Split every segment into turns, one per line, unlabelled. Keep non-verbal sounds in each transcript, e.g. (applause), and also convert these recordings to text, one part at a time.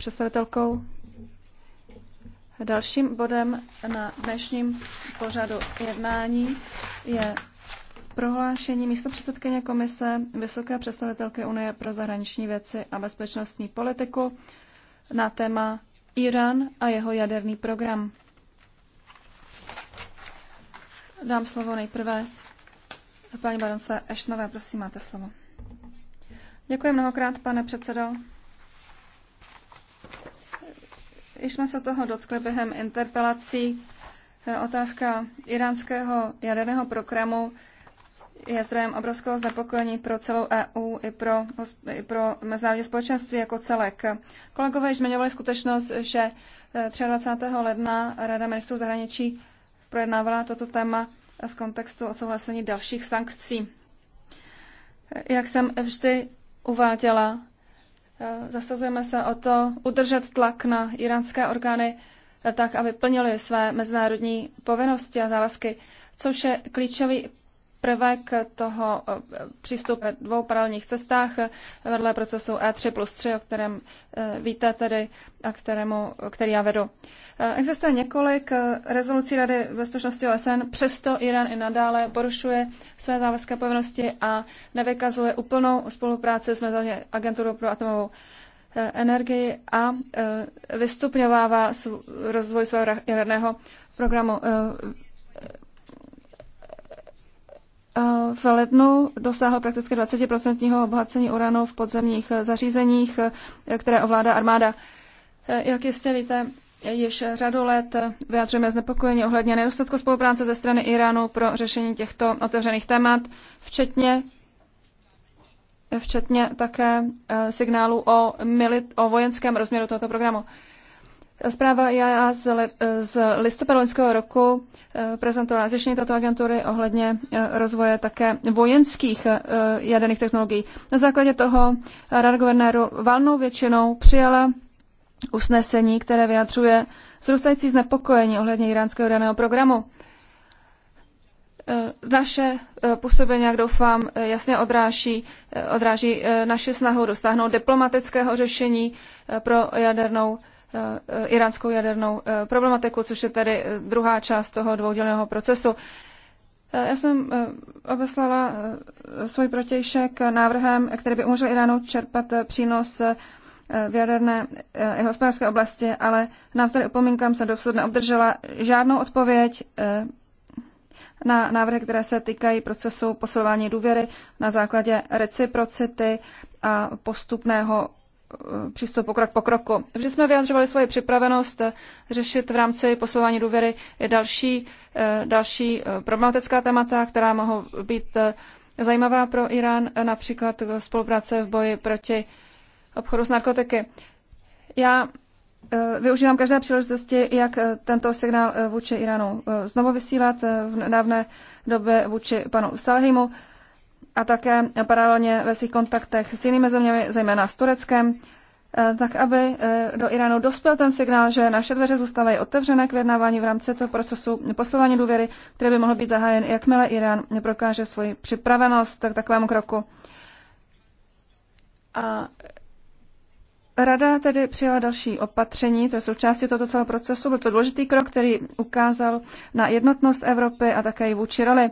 představitelkou. Dalším bodem na dnešním pořadu jednání je prohlášení místo předsedkyně komise Vysoké představitelky Unie pro zahraniční věci a bezpečnostní politiku na téma Irán a jeho jaderný program. Dám slovo nejprve paní baronce Eštnové, prosím, máte slovo. Děkuji mnohokrát, pane předsedo. Již jsme se toho dotkli během interpelací. Eh, otázka iránského jaderného programu je zdrojem obrovského znepokojení pro celou EU i pro, i pro mezinárodní společenství jako celek. Kolegové již zmiňovali skutečnost, že 23. Eh, ledna Rada ministrů zahraničí projednávala toto téma v kontextu odsouhlasení dalších sankcí. Eh, jak jsem vždy uváděla, Eh, zasazujeme se o to udržet tlak na iránské orgány eh, tak, aby plnili své mezinárodní povinnosti a závazky, což je klíčový prvek toho eh, přístupu ve dvou paralelních cestách eh, vedle procesu E3 plus 3, o kterém eh, víte tedy a kterému, který já vedu. Existuje několik rezolucí Rady bezpečnosti OSN, přesto Irán i nadále porušuje své závazky povinnosti a nevykazuje úplnou spolupráci s Mezinárodní agenturou pro atomovou energii a vystupňovává rozvoj svého jaderného programu Eh, v lednu dosáhl prakticky 20% obohacení uranu v podzemních eh, zařízeních, eh, které ovládá armáda. Jak jistě víte, již řadu let vyjadřujeme znepokojení ohledně nedostatku spolupráce ze strany Iránu pro řešení těchto otevřených témat, včetně včetně také signálu o, milit, o vojenském rozměru tohoto programu. Zpráva e IAA z, le, z listopadu loňského roku eh, prezentovala řešení této agentury ohledně eh, rozvoje také vojenských eh, jaderných technologií. Na základě toho Rada guvernéru valnou většinou přijala usnesení, které vyjadřuje zrůstající znepokojení ohledně iránského jaderného programu. Naše působení, jak doufám, jasně odráží, odráží naše snahu dosáhnout diplomatického řešení pro jadernou Eh, iránskou jadernou eh, problematiku, což je tedy eh, druhá část toho dvoudělného procesu. Já jsem obeslala svůj protějšek návrhem, který by umožnil Iránu čerpat přínos v jaderné i hospodářské oblasti, ale navzdory opomínkám se dosud neobdržela žádnou odpověď na návrhy, které se týkají procesu posilování důvěry na základě reciprocity a postupného Eh, přístupu krok po kroku. Vždy jsme vyjadřovali svoji připravenost eh, řešit v rámci posilování důvěry i další, eh, další problematická témata, která mohou být zajímavá pro Irán, například spolupráce v boji proti obchodu s narkotiky. Já využívám každé příležitosti, jak tento signál vůči Iránu znovu vysílat v nedávné době vůči panu Salhimu a také paralelně ve svých kontaktech s jinými zeměmi, zejména s Tureckem, eh, tak aby eh, do Iránu dospěl ten signál, že naše dveře zůstávají otevřené k vyjednávání v rámci toho procesu posilování důvěry, který by mohl být zahájen, jakmile Irán prokáže svoji připravenost k takovému kroku. A Rada tedy přijala další opatření, to je součástí tohoto celého procesu. Byl to důležitý krok, který ukázal na jednotnost Evropy a také i vůči roli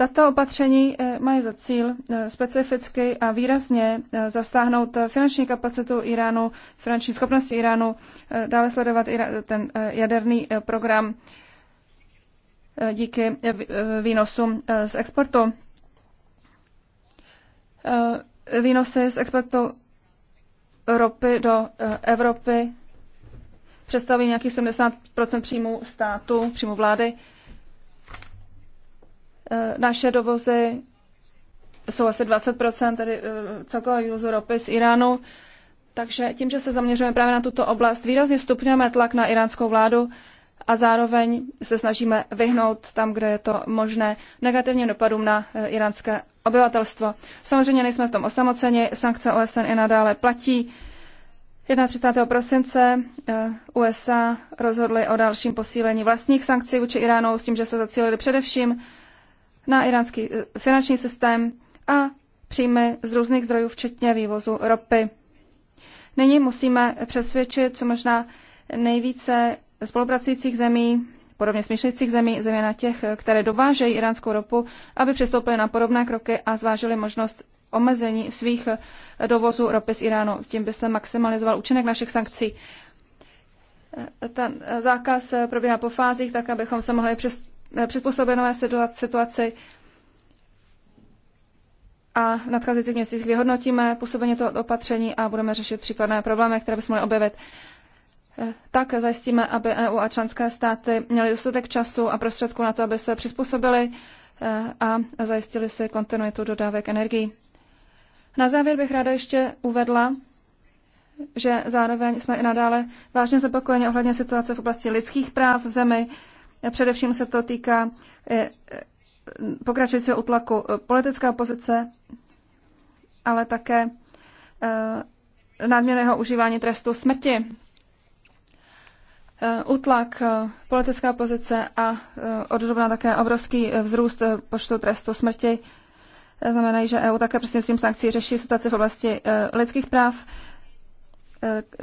tato opatření eh, mají za cíl eh, specificky a výrazně eh, zastáhnout finanční kapacitu Iránu, finanční schopnost Iránu, dále sledovat ten jaderný program díky výnosům z exportu. Výnosy z exportu ropy do Evropy představují nějakých 70 příjmů státu, příjmů vlády. Eh, naše dovozy jsou asi 20 tedy eh, celkového z ropy z Iránu. Takže tím, že se zaměřujeme právě na tuto oblast, výrazně stupňujeme tlak na iránskou vládu a zároveň se snažíme vyhnout tam, kde je to možné, negativním dopadům na eh, iránské obyvatelstvo. Samozřejmě nejsme v tom osamoceni, sankce OSN i nadále platí. 31. prosince USA rozhodly o dalším posílení vlastních sankcí vůči Iránu s tím, že se zacílili především na iránský eh, finanční systém a příjmy z různých zdrojů, včetně vývozu ropy. Nyní musíme přesvědčit co možná nejvíce spolupracujících zemí, podobně smýšlejících zemí, zejména těch, eh, které dovážejí iránskou ropu, aby přistoupili na podobné kroky a zvážili možnost omezení svých eh, dovozů ropy z Iránu. Tím by se maximalizoval účinek našich sankcí. Ten zákaz probíhá po fázích, tak abychom se mohli Eh, přizpůsobenové situaci a v nadcházejících měsících vyhodnotíme působení toho opatření a budeme řešit případné problémy, které bychom mohli objevit. Eh, tak zajistíme, aby EU a členské státy měly dostatek času a prostředků na to, aby se přizpůsobili eh, a zajistili si kontinuitu dodávek energií. Na závěr bych ráda ještě uvedla, že zároveň jsme i nadále vážně znepokojeni ohledně situace v oblasti lidských práv v zemi, Především se to týká eh, eh, pokračujícího utlaku eh, politické opozice, ale také nadměrného užívání trestu smrti. Utlak politické opozice a odrobná také obrovský vzrůst počtu trestu smrti znamenají, že EU také tím sankcí řeší situaci v oblasti lidských práv.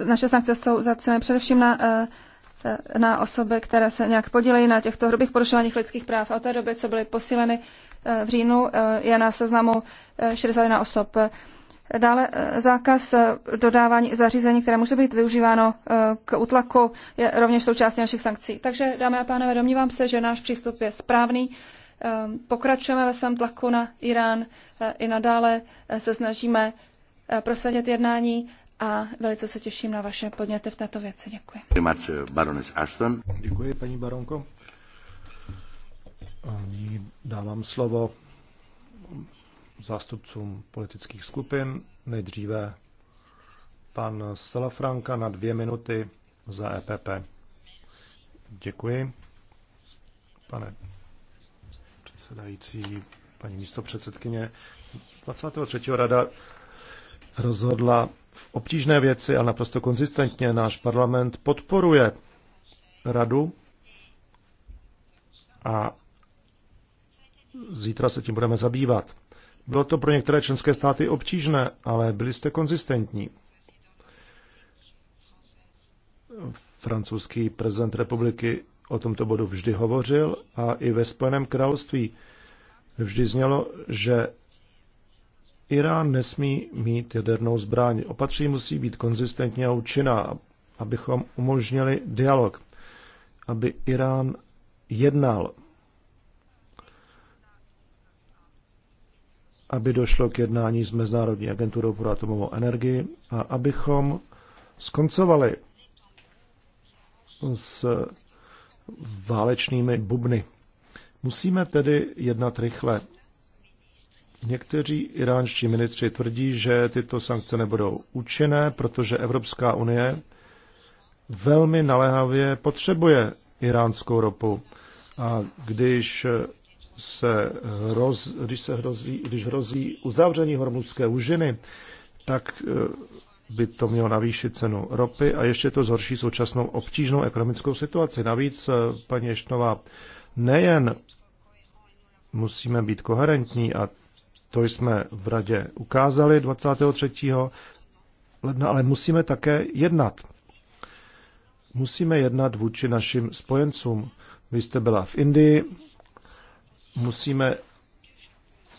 Naše sankce jsou zacílené především na Eh, na osoby, které se nějak podílejí na těchto hrubých porušováních lidských práv. A od té doby, co byly posíleny eh, v říjnu, eh, je na seznamu 61 osob. Dále zákaz dodávání zařízení, které může být využíváno k utlaku, je rovněž součástí našich sankcí. Takže, dámy a pánové, domnívám se, že náš přístup je správný. Ehm, pokračujeme ve svém tlaku na Irán i nadále se snažíme prosadit jednání a velice se těším na vaše podněty v této věci. Děkuji.
Uh, Děkuji,
paní baronko. A nyní dávám slovo zástupcům politických skupin. Nejdříve pan Salafranka na dvě minuty za EPP. Děkuji. Pane předsedající, paní místopředsedkyně, 23. rada rozhodla v obtížné věci, ale naprosto konzistentně náš parlament podporuje radu a zítra se tím budeme zabývat. Bylo to pro některé členské státy obtížné, ale byli jste konzistentní. Francouzský prezident republiky o tomto bodu vždy hovořil a i ve Spojeném království vždy znělo, že Irán nesmí mít jadernou zbraň. Opatření musí být konzistentně a účinná, abychom umožnili dialog, aby Irán jednal, aby došlo k jednání s Mezinárodní agenturou pro atomovou energii a abychom skoncovali s válečnými bubny. Musíme tedy jednat rychle Někteří iránští ministři tvrdí, že tyto sankce nebudou účinné, protože Evropská unie velmi naléhavě potřebuje iránskou ropu. A když se, roz, když se hrozí, když hrozí uzavření hormuzské úžiny, tak eh, by to mělo navýšit cenu ropy a ještě to zhorší současnou obtížnou ekonomickou situaci. Navíc, eh, paní Ještnová, nejen musíme být koherentní a to jsme v radě ukázali 23. ledna, ale musíme také jednat. Musíme jednat vůči našim spojencům. Vy jste byla v Indii, musíme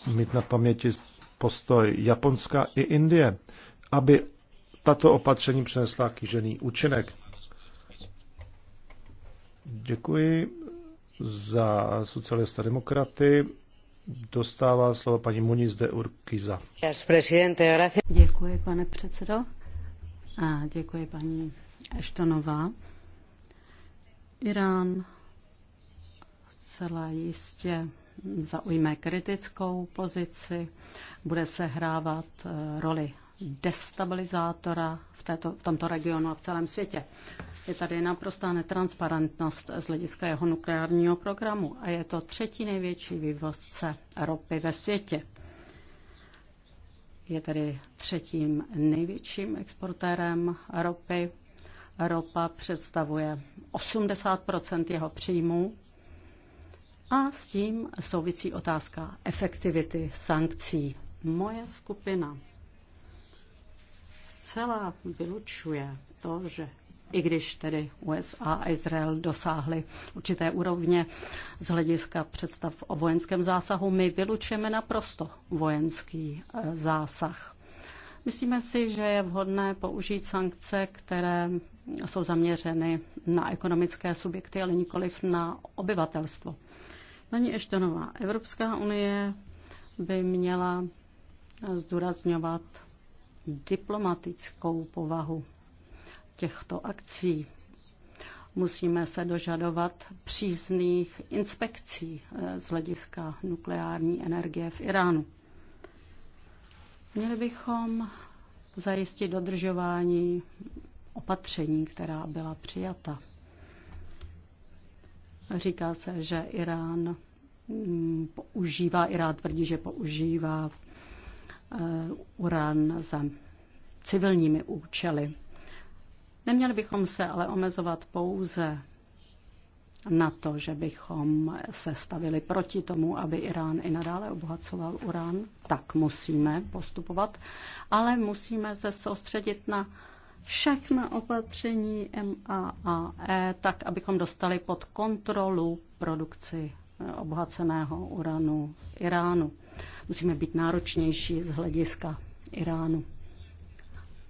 mít na paměti postoj Japonska i Indie, aby tato opatření přinesla kýžený účinek. Děkuji za socialista demokraty dostává slovo paní Muniz de Urquiza.
Děkuji, pane předsedo. A děkuji, paní Eštonová. Irán zcela jistě zaujme kritickou pozici, bude se hrávat eh, roli destabilizátora v, této, v tomto regionu a v celém světě. Je tady naprostá netransparentnost z hlediska jeho nukleárního programu a je to třetí největší vývozce ropy ve světě. Je tedy třetím největším exportérem ropy. Ropa představuje 80 jeho příjmů a s tím souvisí otázka efektivity sankcí. Moje skupina zcela vylučuje to, že i když tedy USA a Izrael dosáhly určité úrovně z hlediska představ o vojenském zásahu, my vylučujeme naprosto vojenský e, zásah. Myslíme si, že je vhodné použít sankce, které jsou zaměřeny na ekonomické subjekty, ale nikoliv na obyvatelstvo. ještě Eštonová, Evropská unie by měla zdůrazňovat diplomatickou povahu těchto akcí. Musíme se dožadovat přízných inspekcí eh, z hlediska nukleární energie v Iránu. Měli bychom zajistit dodržování opatření, která byla přijata. Říká se, že Irán mm, používá, Irán tvrdí, že používá Eh, uran za civilními účely. Neměli bychom se ale omezovat pouze na to, že bychom se stavili proti tomu, aby Irán i nadále obohacoval urán, tak musíme postupovat, ale musíme se soustředit na všechna opatření MAAE, tak abychom dostali pod kontrolu produkci eh, obohaceného uranu v Iránu. Musíme být náročnější z hlediska Iránu.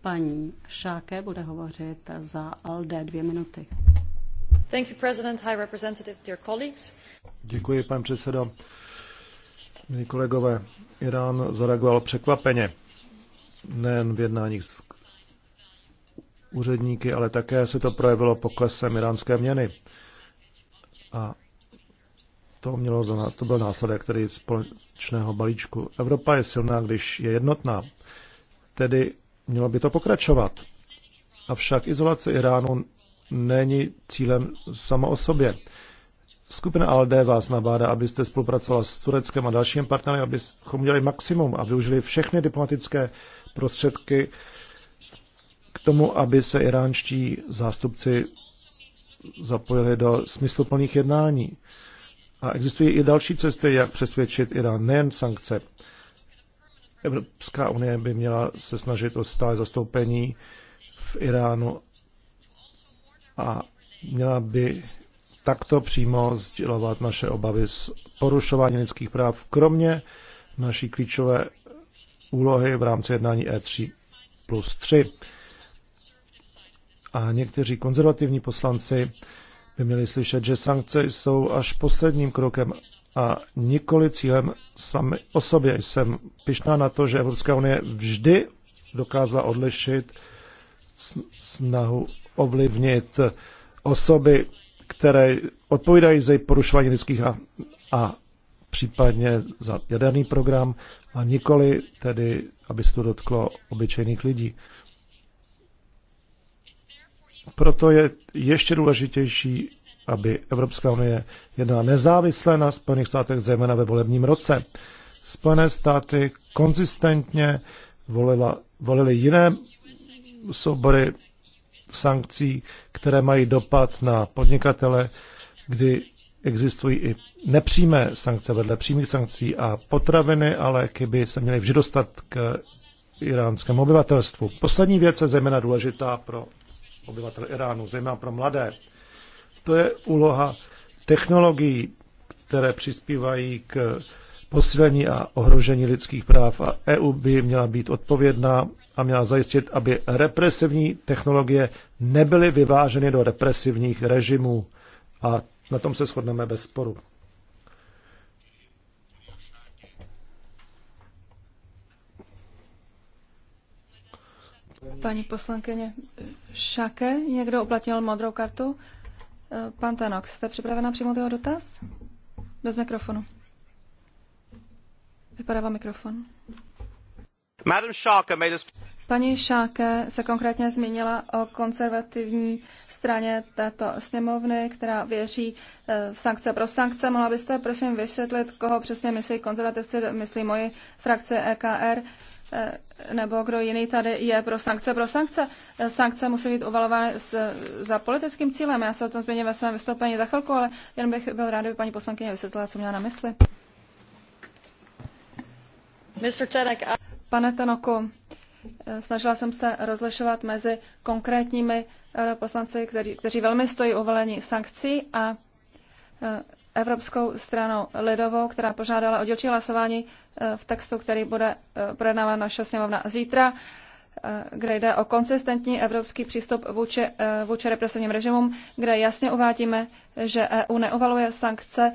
Paní Šáke bude hovořit za ALDE dvě minuty. Thank you, President, High Representative, dear colleagues.
Děkuji, pane předsedo. Milí kolegové, Irán zareagoval překvapeně. Nejen v jednáních s úředníky, ale také se to projevilo poklesem iránské měny. A to, mělo za, to byl následek tedy společného balíčku. Evropa je silná, když je jednotná. Tedy mělo by to pokračovat. Avšak izolace Iránu není cílem sama o sobě. Skupina ALDE vás nabádá, abyste spolupracovala s Tureckem a dalšími partnery, abychom udělali maximum a využili všechny diplomatické prostředky k tomu, aby se iránští zástupci zapojili do smysluplných jednání. A existují i další cesty, jak přesvědčit Irán, nejen sankce. Evropská unie by měla se snažit o stále zastoupení v Iránu a měla by takto přímo sdělovat naše obavy z porušování lidských práv, kromě naší klíčové úlohy v rámci jednání E3 plus 3. A někteří konzervativní poslanci by měli slyšet, že sankce jsou až posledním krokem a nikoli cílem sami o sobě. Jsem pišná na to, že Evropská unie vždy dokázala odlišit snahu ovlivnit osoby, které odpovídají za porušování lidských a, a případně za jaderný program a nikoli tedy, aby se to dotklo obyčejných lidí. Proto je ještě důležitější, aby Evropská unie jednala nezávisle na Spojených státech, zejména ve volebním roce. Spojené státy konzistentně volila, volili jiné soubory sankcí, které mají dopad na podnikatele, kdy existují i nepřímé sankce vedle přímých sankcí a potraviny ale kdyby se měly vždy dostat k iránskému obyvatelstvu. Poslední věc je zejména důležitá pro obyvatel Iránu, zejména pro mladé. To je úloha technologií, které přispívají k posílení a ohrožení lidských práv a EU by měla být odpovědná a měla zajistit, aby represivní technologie nebyly vyváženy do represivních režimů. A na tom se shodneme bez sporu.
Paní poslankyně Šake, někdo uplatnil modrou kartu? Pan Tenok, jste připravena přijmout jeho dotaz? Bez mikrofonu. Vypadává mikrofon. Paní Šáke se konkrétně zmínila o konzervativní straně této sněmovny, která věří eh, v sankce pro sankce. Mohla byste prosím vysvětlit, koho přesně myslí konzervativci, myslí moji frakce EKR? Eh, nebo kdo jiný tady je pro sankce. Pro sankce eh, sankce musí být uvalovány s, za politickým cílem. Já se o tom změním ve svém vystoupení za chvilku, ale jen bych byl rád, aby paní poslankyně vysvětlila, co měla na mysli. Pane Tanoku, eh, snažila jsem se rozlišovat mezi konkrétními poslanci, kteří, kteří velmi stojí uvalení sankcí a Evropskou stranou lidovou, která požádala o dělčí hlasování eh, v textu, který bude eh, projednávat naše sněmovna zítra, eh, kde jde o konsistentní evropský přístup vůči, vůči represivním režimům, kde jasně uvádíme, že EU neuvaluje sankce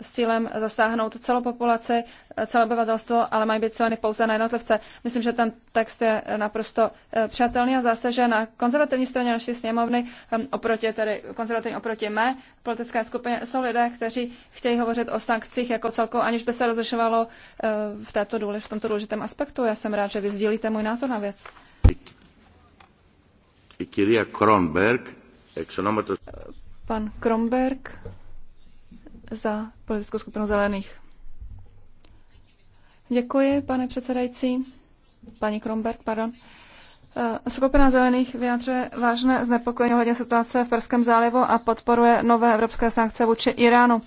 s cílem zasáhnout celou populaci, celé obyvatelstvo, ale mají být cíleny pouze na jednotlivce. Myslím, že ten text je naprosto eh, přátelný a zase, že na konzervativní straně naší sněmovny, oproti, tedy konzervativní oproti mé politické skupině, jsou lidé, kteří chtějí hovořit o sankcích jako celkou, aniž by se rozlišovalo eh, v, této důlež, v tomto důležitém aspektu. Já jsem rád, že vy sdílíte můj názor na věc. Pan Kronberg za politickou skupinu zelených. Děkuji, pane předsedající. Paní Kromberg, pardon. Eh, skupina zelených vyjadřuje vážné znepokojení ohledně situace v Perském zálivu a podporuje nové evropské sankce vůči Iránu.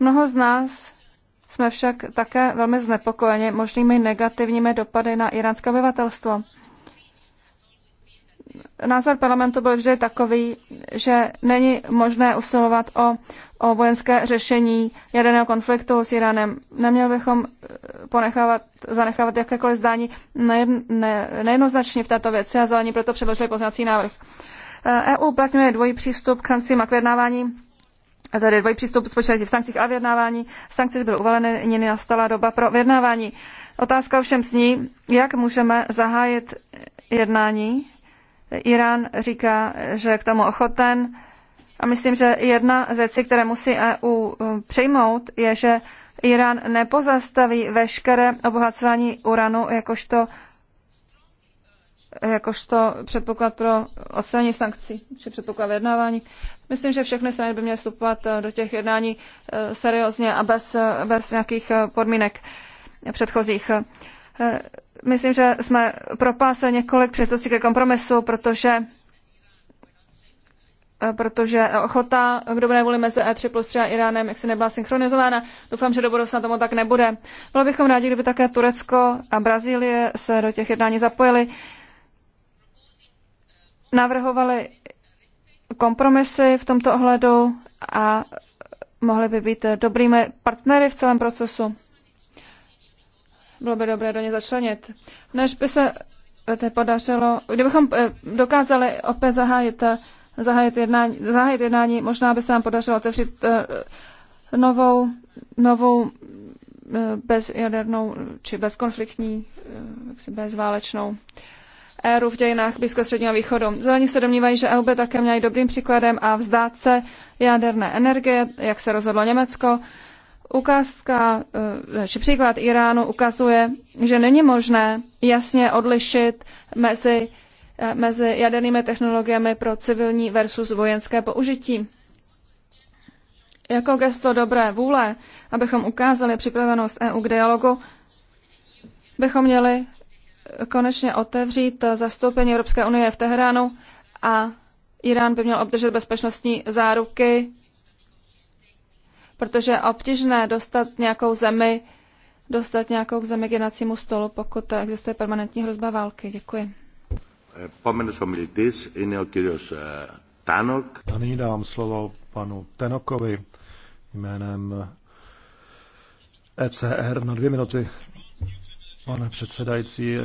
Mnoho z nás jsme však také velmi znepokojeni možnými negativními dopady na iránské obyvatelstvo názor parlamentu byl vždy takový, že není možné usilovat o, o vojenské řešení jaderného konfliktu s Iránem. Neměl bychom eh, ponechávat, zanechávat jakékoliv zdání ne, ne, nejednoznačně v této věci a zelení proto předložili poznací návrh. EU eh, e uplatňuje dvojí přístup k sankcím a k vyjednávání Tady dvojí přístup spočívající v sankcích a vyjednávání. Sankce byly uvaleny, nyní nastala doba pro vyjednávání. Otázka ovšem zní, jak můžeme zahájit jednání Irán říká, že je k tomu ochoten. A myslím, že jedna z věcí, které musí EU eh, přijmout, je, že Irán nepozastaví veškeré obohacování uranu jakožto, jakožto předpoklad pro odstranění sankcí či předpoklad vyjednávání. Myslím, že všechny strany by měly vstupovat eh, do těch jednání eh, seriózně a bez, bez nějakých podmínek předchozích. Myslím, že jsme propásli několik příležitostí ke kompromisu, protože eh, protože ochota k dobré vůli mezi E3 plus 3 a Iránem jak se nebyla synchronizována. Doufám, že do budoucna tomu tak nebude. Bylo bychom rádi, kdyby také Turecko a Brazílie se do těch jednání zapojili. Navrhovali kompromisy v tomto ohledu a mohli by být dobrými partnery v celém procesu bylo by dobré do ně začlenit. Než by se eh, to podařilo, kdybychom eh, dokázali opět zahájit, eh, zahájit, jednání, zahájit jednání, možná by se nám podařilo otevřít novou, novou bezjadernou či bezkonfliktní, bezválečnou éru v dějinách Blízko středního východu. Zelení se domnívají, že EU by také měli dobrým příkladem a vzdát se jaderné energie, jak se rozhodlo Německo, Ukázka, či eh, příklad Iránu ukazuje, že není možné jasně odlišit mezi, eh, mezi jadernými technologiemi pro civilní versus vojenské použití. Jako gesto dobré vůle, abychom ukázali připravenost EU k dialogu, bychom měli konečně otevřít zastoupení Evropské unie v Teheránu a Irán by měl obdržet bezpečnostní záruky protože je obtížné dostat nějakou zemi, dostat nějakou zemi k jednacímu stolu, pokud existuje permanentní hrozba války. Děkuji.
A nyní dávám slovo panu Tenokovi jménem ECR na dvě minuty. Pane předsedající,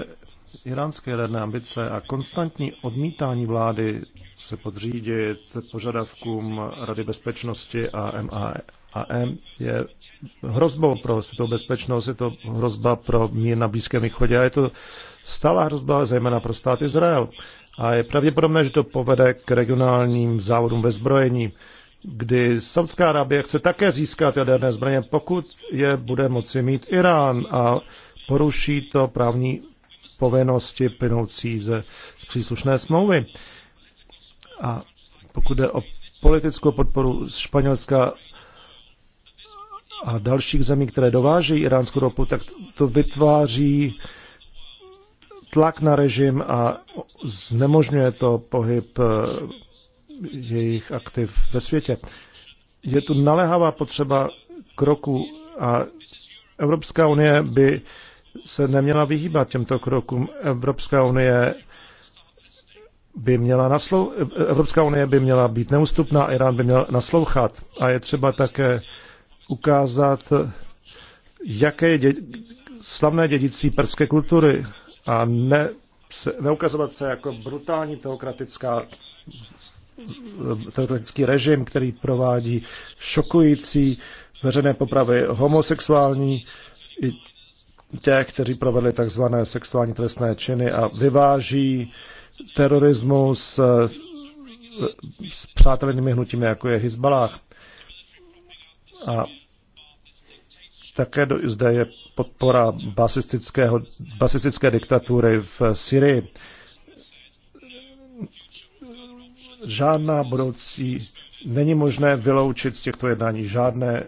iránské jaderné ambice a konstantní odmítání vlády se podřídit požadavkům Rady bezpečnosti a MAE a M je hrozbou pro světovou bezpečnost, je to hrozba pro mír na Blízkém východě a je to stála hrozba zejména pro stát Izrael. A je pravděpodobné, že to povede k regionálním závodům ve zbrojení, kdy Saudská Arábie chce také získat jaderné zbraně, pokud je bude moci mít Irán a poruší to právní povinnosti plynoucí ze příslušné smlouvy. A pokud jde o politickou podporu z Španělska a dalších zemí, které dovážejí iránskou ropu, tak to vytváří tlak na režim a znemožňuje to pohyb eh, jejich aktiv ve světě. Je tu naléhavá potřeba kroku a Evropská unie by se neměla vyhýbat těmto krokům. Evropská unie by měla naslou... Evropská unie by měla být neústupná, Irán by měl naslouchat a je třeba také ukázat, jaké je dě- slavné dědictví perské kultury a ne, se, neukazovat se jako brutální teokratická teokratický režim, který provádí šokující veřejné popravy homosexuální i tě, kteří provedli takzvané sexuální trestné činy a vyváží terorismus eh, s, s hnutími, jako je Hezbalah. A také do, zde je podpora basistického, basistické diktatury v Syrii. Žádná budoucí, není možné vyloučit z těchto jednání žádné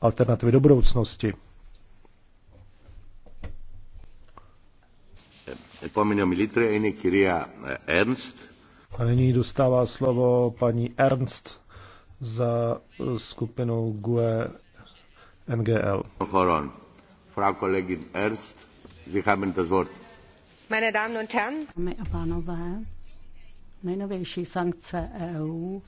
alternativy do budoucnosti. A nyní dostává slovo paní Ernst za eh, skupinou GUE NGL.
Frau Kollegin Sie haben das Wort.
Meine Damen und Herren. Dámy a pánové, nejnovější sankce EU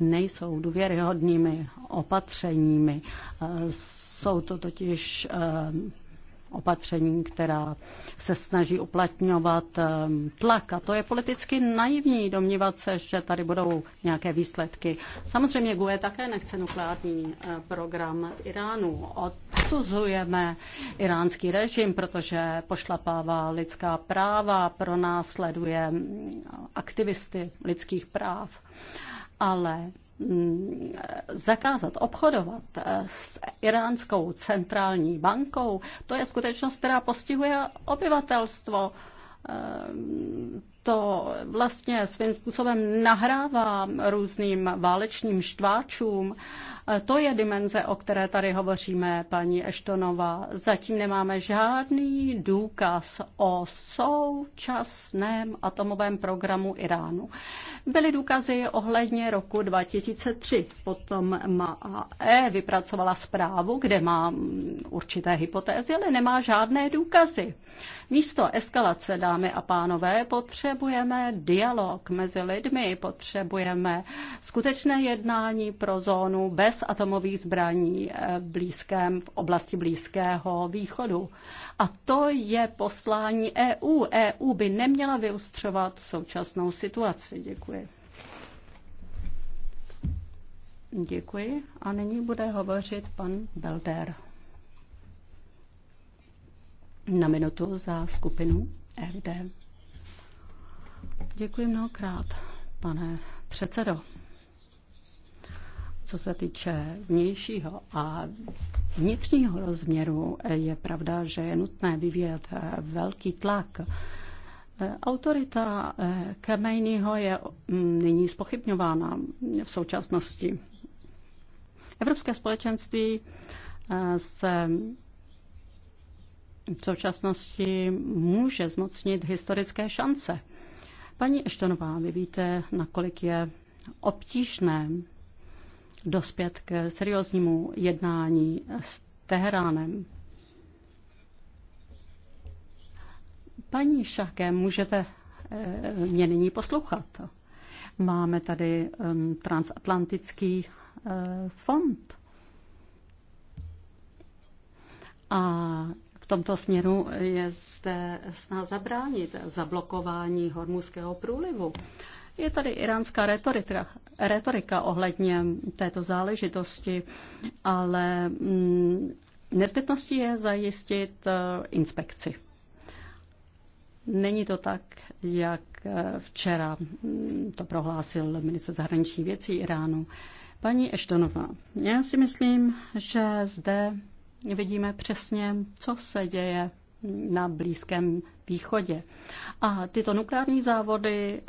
nejsou důvěryhodnými opatřeními. Eh, jsou to totiž eh, opatření, která se snaží uplatňovat eh, tlak. A to je politicky naivní domnívat se, že tady budou nějaké výsledky. Samozřejmě GUE také nechce nukleární eh, program Iránu. Odsuzujeme iránský režim, protože pošlapává lidská práva, pronásleduje mm, aktivisty lidských práv. Ale Mm, zakázat obchodovat eh, s iránskou centrální bankou, to je skutečnost, která postihuje obyvatelstvo eh, to vlastně svým způsobem nahrává různým válečným štváčům. To je dimenze, o které tady hovoříme, paní Eštonova. Zatím nemáme žádný důkaz o současném atomovém programu Iránu. Byly důkazy ohledně roku 2003. Potom MAE vypracovala zprávu, kde má určité hypotézy, ale nemá žádné důkazy. Místo eskalace, dámy a pánové, potřeba potřebujeme dialog mezi lidmi, potřebujeme skutečné jednání pro zónu bez atomových zbraní v, eh, blízkém, v oblasti Blízkého východu. A to je poslání EU. EU by neměla vyustřovat současnou situaci. Děkuji. Děkuji. A nyní bude hovořit pan Belder. Na minutu za skupinu FDM. Děkuji mnohokrát, pane předsedo. Co se týče vnějšího a vnitřního rozměru, je pravda, že je nutné vyvíjet velký tlak. Autorita Kemejního je mm, nyní spochybňována v současnosti. Evropské společenství eh, se v současnosti může zmocnit historické šance Paní Eštanová, vy víte, nakolik je obtížné dospět k serióznímu jednání s Teheránem. Paní Šaké, můžete eh, mě nyní poslouchat. Máme tady ehm, transatlantický eh, fond. A v tomto směru je zde snaha zabránit zablokování hormuzského průlivu. Je tady iránská retorika, retorika ohledně této záležitosti, ale mm, nezbytností je zajistit eh, inspekci. Není to tak, jak eh, včera mm, to prohlásil minister zahraničních věcí Iránu. Paní Eštonová, já si myslím, že zde vidíme přesně, co se děje na Blízkém východě. A tyto nukleární závody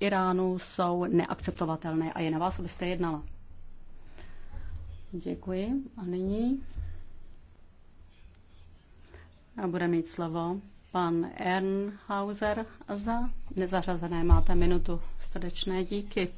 Iránu jsou neakceptovatelné a je na vás, abyste jednala. Děkuji. A nyní a bude mít slovo pan Ernhauser za nezařazené. Máte minutu. Srdečné díky.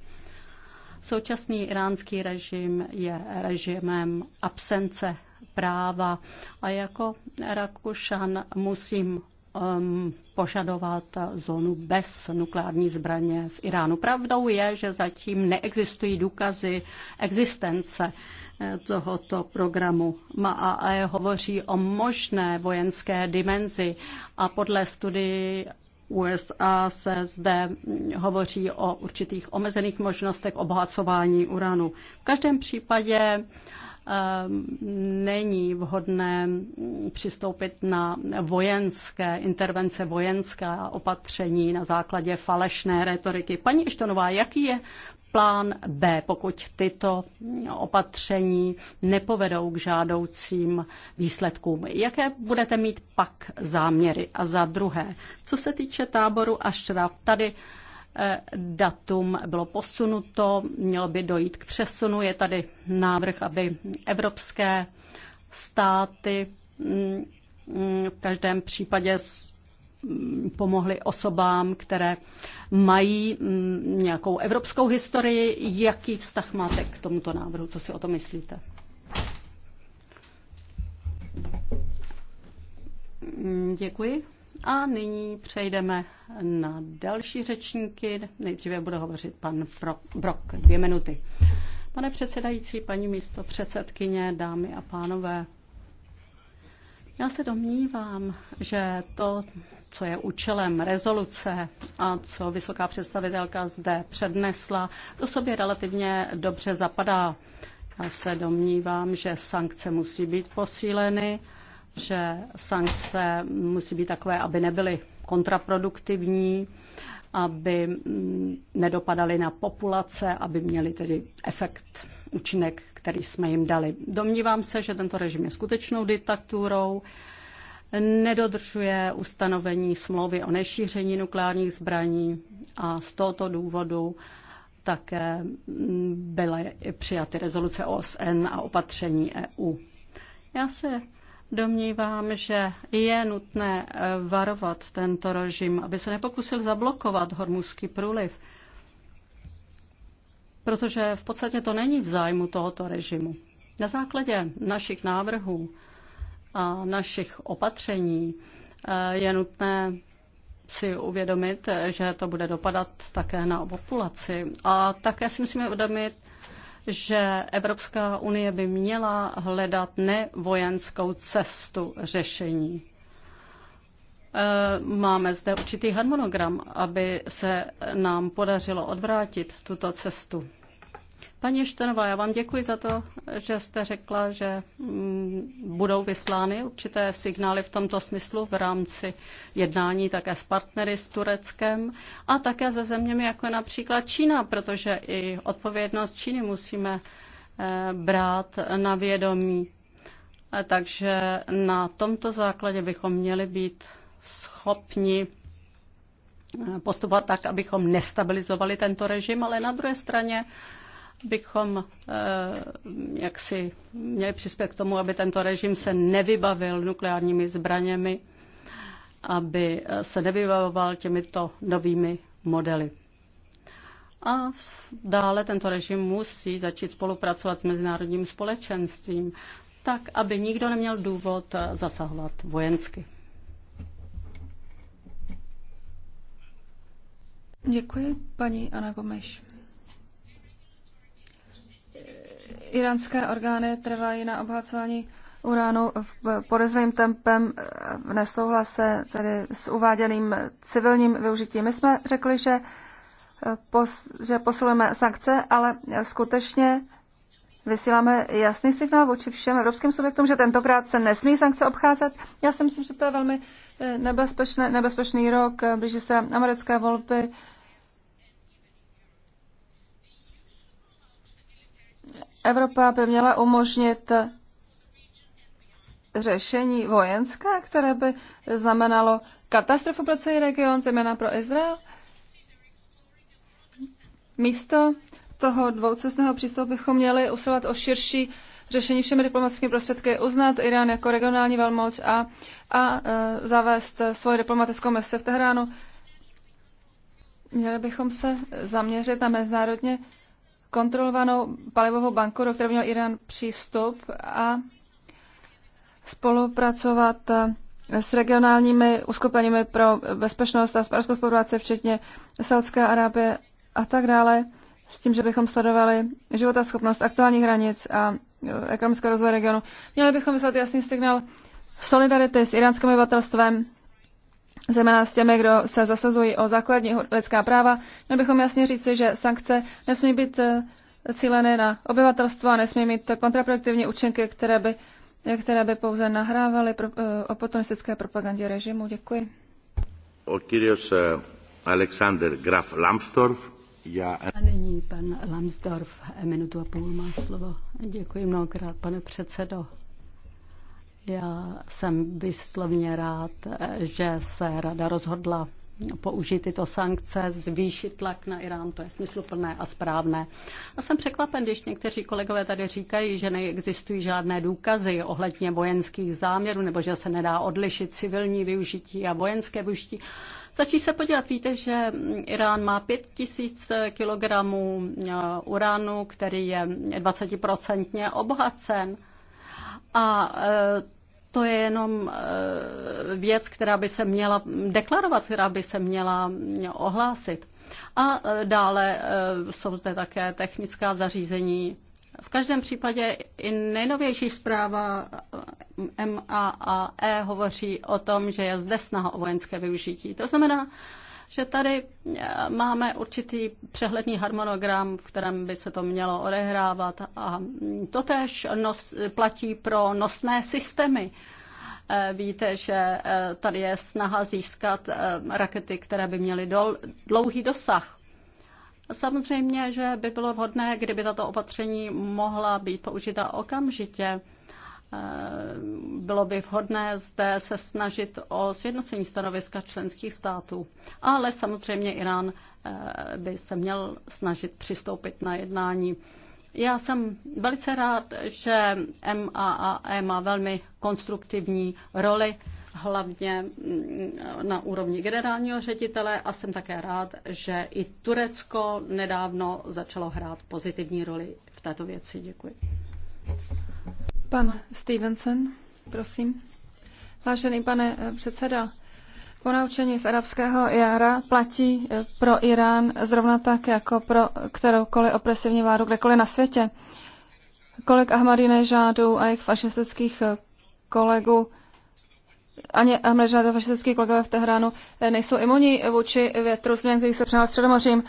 Současný iránský režim je režimem absence práva. A jako Rakušan musím um, požadovat zónu bez nukleární zbraně v Iránu. Pravdou je, že zatím neexistují důkazy existence eh, tohoto programu. MAAE hovoří o možné vojenské dimenzi a podle studií USA se zde hovoří o určitých omezených možnostech obohacování uranu. V každém případě Ehm, není vhodné přistoupit na vojenské intervence, vojenská opatření na základě falešné retoriky. Paní Ištonová, jaký je plán B, pokud tyto opatření nepovedou k žádoucím výsledkům? Jaké budete mít pak záměry? A za druhé, co se týče táboru Ashraf, tady Eh, datum bylo posunuto, mělo by dojít k přesunu. Je tady návrh, aby evropské státy mm, mm, v každém případě mm, pomohly osobám, které mají nějakou evropskou historii. Jaký vztah máte k tomuto návrhu? Co si o to myslíte? Děkuji. A nyní přejdeme na další řečníky. Nejdříve bude hovořit pan Brok. Dvě minuty. Pane předsedající, paní místo předsedkyně, dámy a pánové, já se domnívám, že to, co je účelem rezoluce a co vysoká představitelka zde přednesla, do sobě relativně dobře zapadá. Já se domnívám, že sankce musí být posíleny že sankce musí být takové, aby nebyly kontraproduktivní, aby mm, nedopadaly na populace, aby měly tedy efekt, účinek, který jsme jim dali. Domnívám se, že tento režim je skutečnou diktaturou, nedodržuje ustanovení smlouvy o nešíření nukleárních zbraní a z tohoto důvodu také mm, byly přijaty rezoluce OSN a opatření EU. Já se domnívám, že je nutné eh, varovat tento režim, aby se nepokusil zablokovat hormuzský průliv, protože v podstatě to není v zájmu tohoto režimu. Na základě našich návrhů a našich opatření eh, je nutné si uvědomit, eh, že to bude dopadat také na populaci. A také si musíme uvědomit, že Evropská unie by měla hledat nevojenskou cestu řešení. E, máme zde určitý harmonogram, aby se nám podařilo odvrátit tuto cestu. Paní Štenová, já vám děkuji za to, že jste řekla, že mm, budou vyslány určité signály v tomto smyslu v rámci jednání také s partnery s Tureckem a také se zeměmi jako například Čína, protože i odpovědnost Číny musíme eh, brát na vědomí. Takže na tomto základě bychom měli být schopni eh, postupovat tak, abychom nestabilizovali tento režim, ale na druhé straně bychom eh, jak si měli přispět k tomu, aby tento režim se nevybavil nukleárními zbraněmi, aby eh, se nevybavoval těmito novými modely. A dále tento režim musí začít spolupracovat s mezinárodním společenstvím, tak aby nikdo neměl důvod eh, zasahovat vojensky. Děkuji, paní
Ana Gomeš. iránské orgány trvají na obohacování uránu v podezřelým tempem v nesouhlase tedy s uváděným civilním využitím. My jsme řekli, že, pos, že posilujeme sankce, ale skutečně vysíláme jasný signál vůči všem evropským subjektům, že tentokrát se nesmí sankce obcházet. Já si myslím, že to je velmi eh, nebezpečné, nebezpečný rok, eh, blíží se americké volby, Evropa by měla umožnit řešení vojenské, které by znamenalo katastrofu pro celý region, zejména pro Izrael? Místo toho dvoucestného přístupu bychom měli usilovat o širší řešení všemi diplomatickými prostředky, uznat Irán jako regionální velmoc a, a e, zavést svoji diplomatickou misi v Tehránu. Měli bychom se zaměřit na mezinárodně kontrolovanou palivovou banku, do které měl Irán přístup a spolupracovat eh, s regionálními uskupeními pro bezpečnost a hospodářskou spolupráci, včetně Saudské Arábie a tak dále, s tím, že bychom sledovali životaschopnost aktuálních hranic a eh, ekonomického rozvoje regionu. Měli bychom vyslat jasný signál solidarity s iránským obyvatelstvem zejména s těmi, kdo se zasazují o základní lidská práva, měli bychom jasně říci, že sankce nesmí být eh, cíleny na obyvatelstvo a nesmí mít kontraproduktivní účinky, které by, které by pouze nahrávaly pro, eh, oportunistické propagandě režimu. Děkuji.
O Kyrios eh, Alexander Graf Lambsdorff. Já... A nyní
pan Lambsdorff, minutu a půl má slovo. Děkuji mnohokrát, pane předsedo. Já jsem vyslovně rád, že se rada rozhodla použít tyto sankce, zvýšit tlak na Irán, to je smysluplné a správné. A jsem překvapen, když někteří kolegové tady říkají, že neexistují žádné důkazy ohledně vojenských záměrů, nebo že se nedá odlišit civilní využití a vojenské využití. Stačí se podívat, víte, že Irán má 5000 kg uranu, který je 20% obohacen. A eh, to je jenom eh, věc, která by se měla deklarovat, která by se měla eh, ohlásit. A eh, dále jsou zde také technická zařízení. V každém případě i nejnovější zpráva MAAE hovoří o tom, že je zde snaha o vojenské využití. To znamená, že tady eh, máme určitý přehledný harmonogram, v kterém by se to mělo odehrávat a mm, totež nos, platí pro nosné systémy. Eh, víte, že eh, tady je snaha získat rakety, které by měly dol, dlouhý dosah. Samozřejmě, že by bylo vhodné, kdyby tato opatření mohla být použita okamžitě. Eh, bylo by vhodné zde se snažit o sjednocení stanoviska členských států. Ale samozřejmě Irán eh, by se měl snažit přistoupit na jednání. Já jsem velice rád, že MAAE má velmi konstruktivní roli, hlavně mm, na úrovni generálního ředitele a jsem také rád, že i Turecko nedávno začalo hrát pozitivní roli v této věci. Děkuji.
Pan Stevenson, prosím. Vážený pane eh, předseda, ponaučení z arabského jara platí eh, pro Irán zrovna tak, jako pro kteroukoliv opresivní vládu kdekoliv na světě. Kolik Ahmadinejžádů a jejich fašistických eh, kolegů ani Ahmadinejžádů a fašistických kolegové v Tehránu nejsou imunní vůči větru změn, který se přenal středomořím.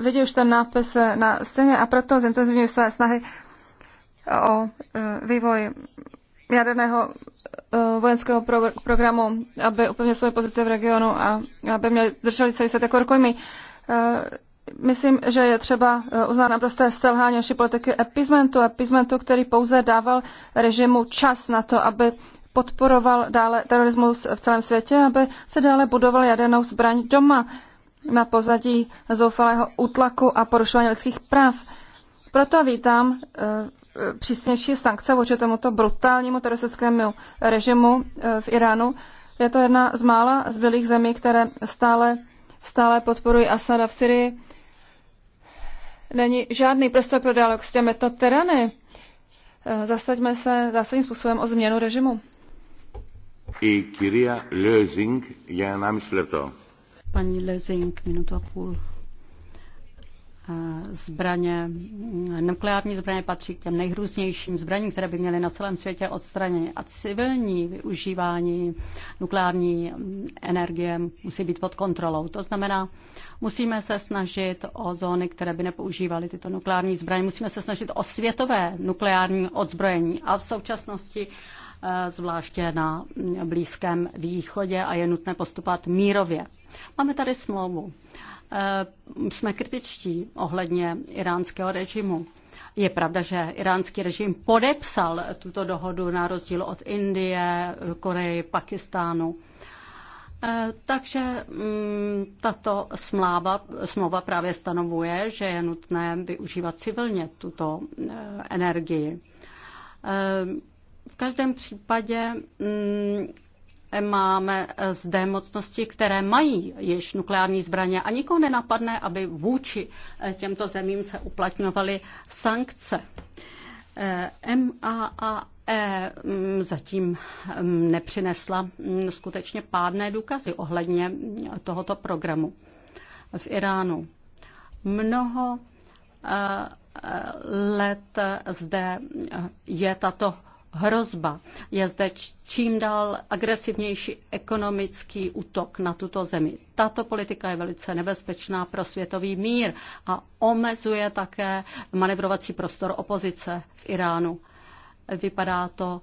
Vidí už ten nápis na scéně a proto zintenzivňují své snahy o e, vývoj jaderného e, vojenského pro- programu, aby upevnili svoje pozice v regionu a aby měli drželi celý svět jako rukojmí. E, myslím, že je třeba uznat naprosté selhání naší politiky epizmentu, epizmentu, který pouze dával režimu čas na to, aby podporoval dále terorismus v celém světě, aby se dále budoval jadernou zbraň doma na pozadí zoufalého útlaku a porušování lidských práv. Proto vítám Eh, přísnější sankce vůči tomuto brutálnímu teroristickému režimu eh, v Iránu. Je to jedna z mála zbylých zemí, které stále, stále podporují Asada v Syrii. Není žádný prostor pro dialog s těmito tyrany. Eh, zasaďme se zásadním
způsobem o změnu režimu.
I Kyria Lözing, já nám
Paní Lözing, minutu a půl zbraně, nukleární zbraně patří k těm nejhrůznějším zbraním, které by měly na celém světě odstraněny. A civilní využívání nukleární energie musí být pod kontrolou. To znamená, musíme se snažit o zóny, které by nepoužívaly tyto nukleární zbraně. Musíme se snažit o světové nukleární odzbrojení. A v současnosti eh, zvláště na Blízkém východě a je nutné postupovat mírově. Máme tady smlouvu. Eh, jsme kritičtí ohledně iránského režimu. Je pravda, že iránský režim podepsal tuto dohodu na rozdíl od Indie, Koreji, Pakistánu. Eh, takže mm, tato smláva, smlouva právě stanovuje, že je nutné využívat civilně tuto eh, energii. V každém případě mm, máme eh, zde mocnosti, které mají již nukleární zbraně a nikoho nenapadne, aby vůči eh, těmto zemím se uplatňovaly sankce. Eh, MAA e, mm, zatím mm, nepřinesla mm, skutečně pádné důkazy ohledně tohoto programu v Iránu. Mnoho let zde je tato hrozba. Je zde čím dál agresivnější ekonomický útok na tuto zemi. Tato politika je velice nebezpečná pro světový mír a omezuje také manevrovací prostor opozice v Iránu. Vypadá to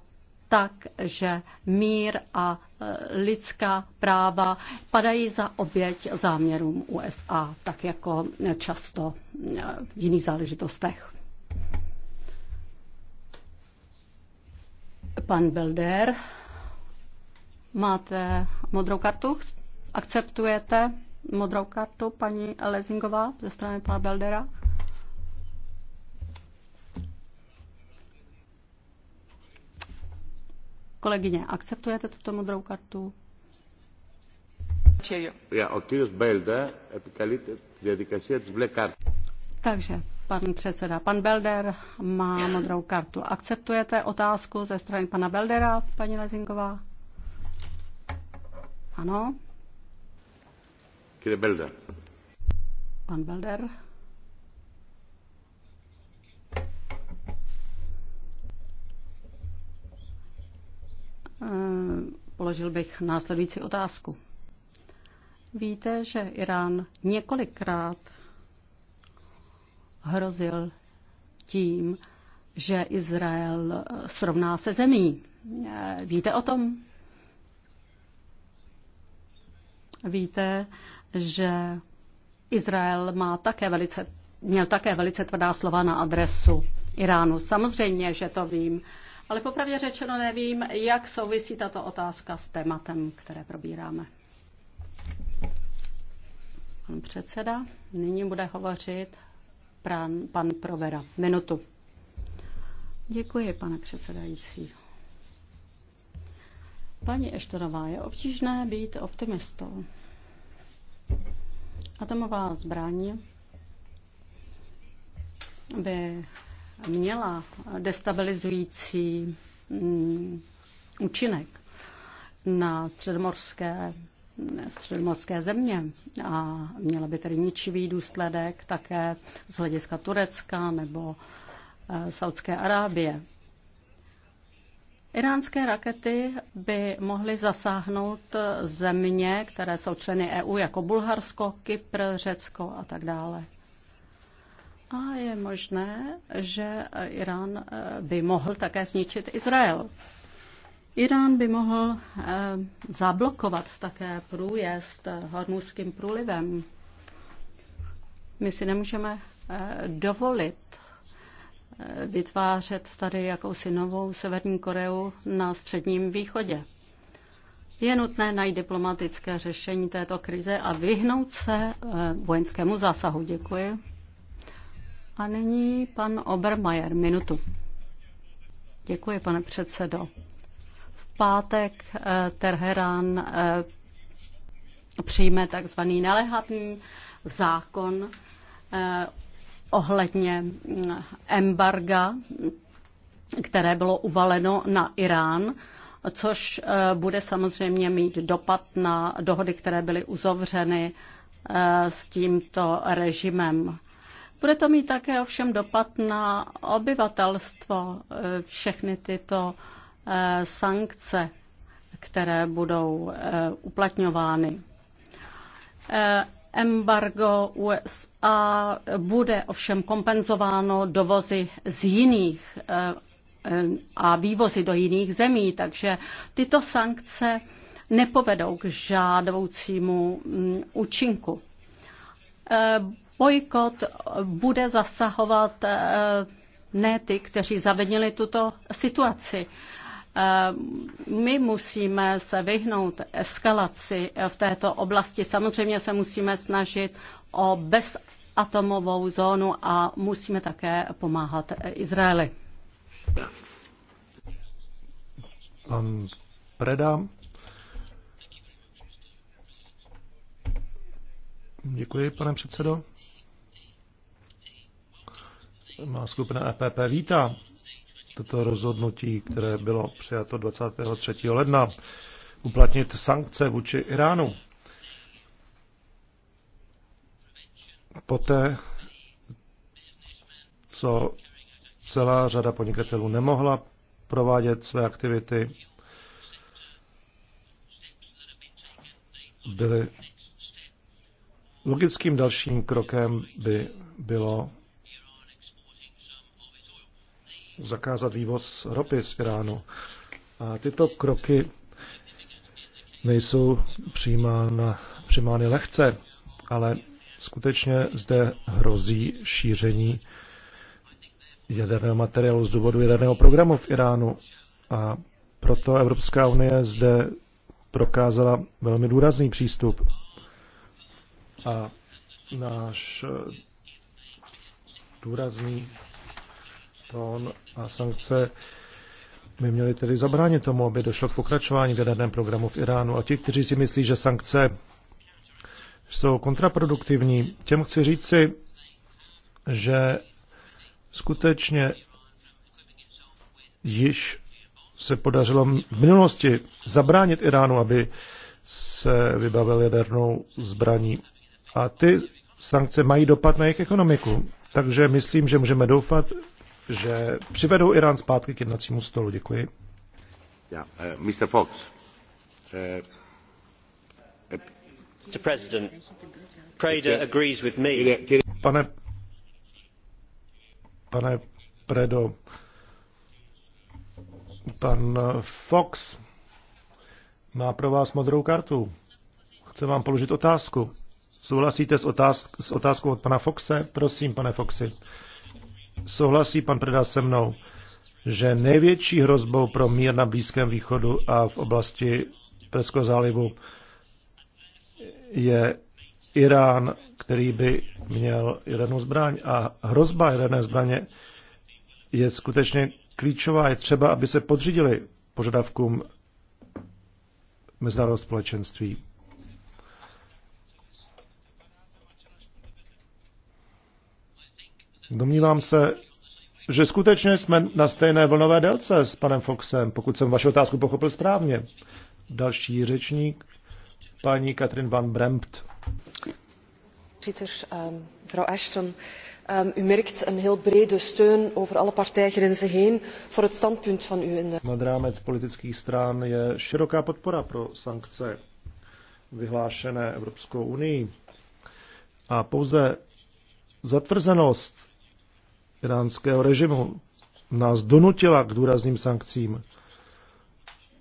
tak, že mír a e, lidská práva padají za oběť záměrům USA, tak jako často e, v jiných záležitostech. Pan Belder, máte modrou kartu? Akceptujete modrou kartu paní Lezingová ze strany pana Beldera? Kolegyně, akceptujete tuto modrou kartu? Takže pan předseda. Pan Belder má modrou kartu. Akceptujete otázku ze strany pana Beldera, paní Lezinková? Ano. Kde Belder? Pan Belder. Eh, položil bych následující otázku. Víte, že Irán několikrát hrozil tím, že Izrael eh, srovná se zemí. Eh, víte o tom? Víte, že Izrael má také velice, měl také velice tvrdá slova na adresu Iránu. Samozřejmě, že to vím, ale popravdě řečeno nevím, jak souvisí tato otázka s tématem, které probíráme. Pan předseda nyní bude hovořit prán, pan Provera. Minutu. Děkuji, pane předsedající. Paní Eštorová, je obtížné být optimistou. Atomová zbraň by měla destabilizující mm, účinek na středomorské středomorské země a měla by tedy ničivý důsledek také z hlediska Turecka nebo eh, Saudské Arábie. Iránské rakety by mohly zasáhnout eh, země, které jsou členy EU, jako Bulharsko, Kypr, Řecko a tak dále. A je možné, že Irán eh, by mohl také zničit Izrael. Irán by mohl eh, zablokovat také průjezd hormuzským průlivem. My si nemůžeme eh, dovolit eh, vytvářet tady jakousi novou Severní Koreu na Středním východě. Je nutné najít diplomatické řešení této krize a vyhnout se vojenskému zásahu. Děkuji. A nyní pan Obermajer, minutu. Děkuji, pane předsedo pátek eh, Terherán eh, přijme takzvaný nelehatný zákon eh, ohledně mm, embarga, které bylo uvaleno na Irán, což bude samozřejmě mít dopad na dohody, které byly uzavřeny s tímto režimem. Bude to mít také ovšem dopad na obyvatelstvo. Všechny tyto Eh, sankce, které budou eh, uplatňovány. Eh, embargo USA bude ovšem kompenzováno dovozy z jiných a vývozy do jiných zemí, takže tyto sankce nepovedou k žádoucímu mm, účinku. Bojkot bude zasahovat ne ty, kteří zavinili tuto situaci. Eh, my musíme se vyhnout eskalaci v této oblasti. Samozřejmě se musíme snažit o bezatomovou zónu a musíme také pomáhat Izraeli.
Pan Preda. Děkuji, pane předsedo. Má skupina EPP vítá toto rozhodnutí, které bylo přijato 23. ledna, uplatnit sankce vůči Iránu. Poté, co celá řada podnikatelů nemohla provádět své aktivity, byly logickým dalším krokem by bylo zakázat vývoz ropy z Iránu. A tyto kroky nejsou přijímána, přijímány lehce, ale skutečně zde hrozí šíření jaderného materiálu z důvodu jaderného programu v Iránu. A proto Evropská unie zde prokázala velmi důrazný přístup. A náš eh, důrazný tón a sankce by měly tedy zabránit tomu, aby došlo k pokračování v jaderném programu v Iránu. A ti, kteří si myslí, že sankce jsou kontraproduktivní, těm chci říci, že skutečně již se podařilo v minulosti zabránit Iránu, aby se vybavil jadernou zbraní. A ty sankce mají dopad na jejich ekonomiku. Takže myslím, že můžeme doufat, že přivedou Irán zpátky k jednacímu stolu. Děkuji.
Yeah, uh, Mr. Fox. Uh, Mr. President,
Preda agrees with me. Pane, pane Predo, pan Fox má pro vás modrou kartu. Chce vám položit otázku. Souhlasíte s, otázk, s otázkou od pana Foxe? Prosím, pane Foxy souhlasí pan Preda se mnou, že největší hrozbou pro mír na Blízkém východu a v oblasti Perského zálivu je Irán, který by měl jadernou zbraň. A hrozba jaderné zbraně je skutečně klíčová. Je třeba, aby se podřídili požadavkům mezinárodního společenství. Domnívám se, že skutečně jsme na stejné vlnové délce s panem Foxem, pokud jsem vaši otázku pochopil správně. Další řečník, paní Katrin van Brempt.
Ehm, mevrouw Ashton, ehm, u merkt
een heel brede steun over alle partijgrenzen heen voor het standpunt van u. Nad rámec politických stran je široká podpora pro sankce vyhlášené Evropskou unii. A pouze zatvrzenost iránského režimu nás donutila k důrazným sankcím.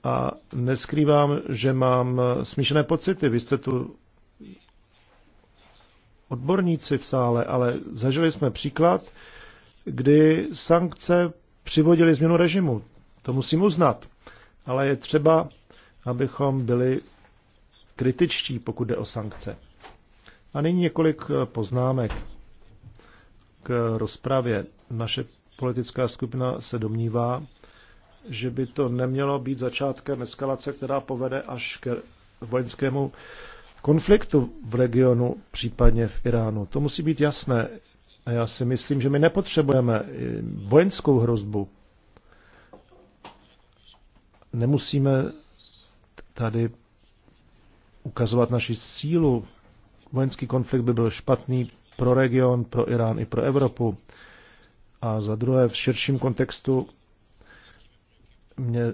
A neskrývám, že mám smíšené pocity. Vy jste tu odborníci v sále, ale zažili jsme příklad, kdy sankce přivodily změnu režimu. To musím uznat. Ale je třeba, abychom byli kritičtí, pokud jde o sankce. A nyní několik poznámek k rozpravě. Naše politická skupina se domnívá, že by to nemělo být začátkem eskalace, která povede až k vojenskému konfliktu v regionu, případně v Iránu. To musí být jasné. A já si myslím, že my nepotřebujeme eh, vojenskou hrozbu. Nemusíme tady ukazovat naši sílu. Vojenský konflikt by byl špatný pro region, pro Irán i pro Evropu. A za druhé, v širším kontextu mě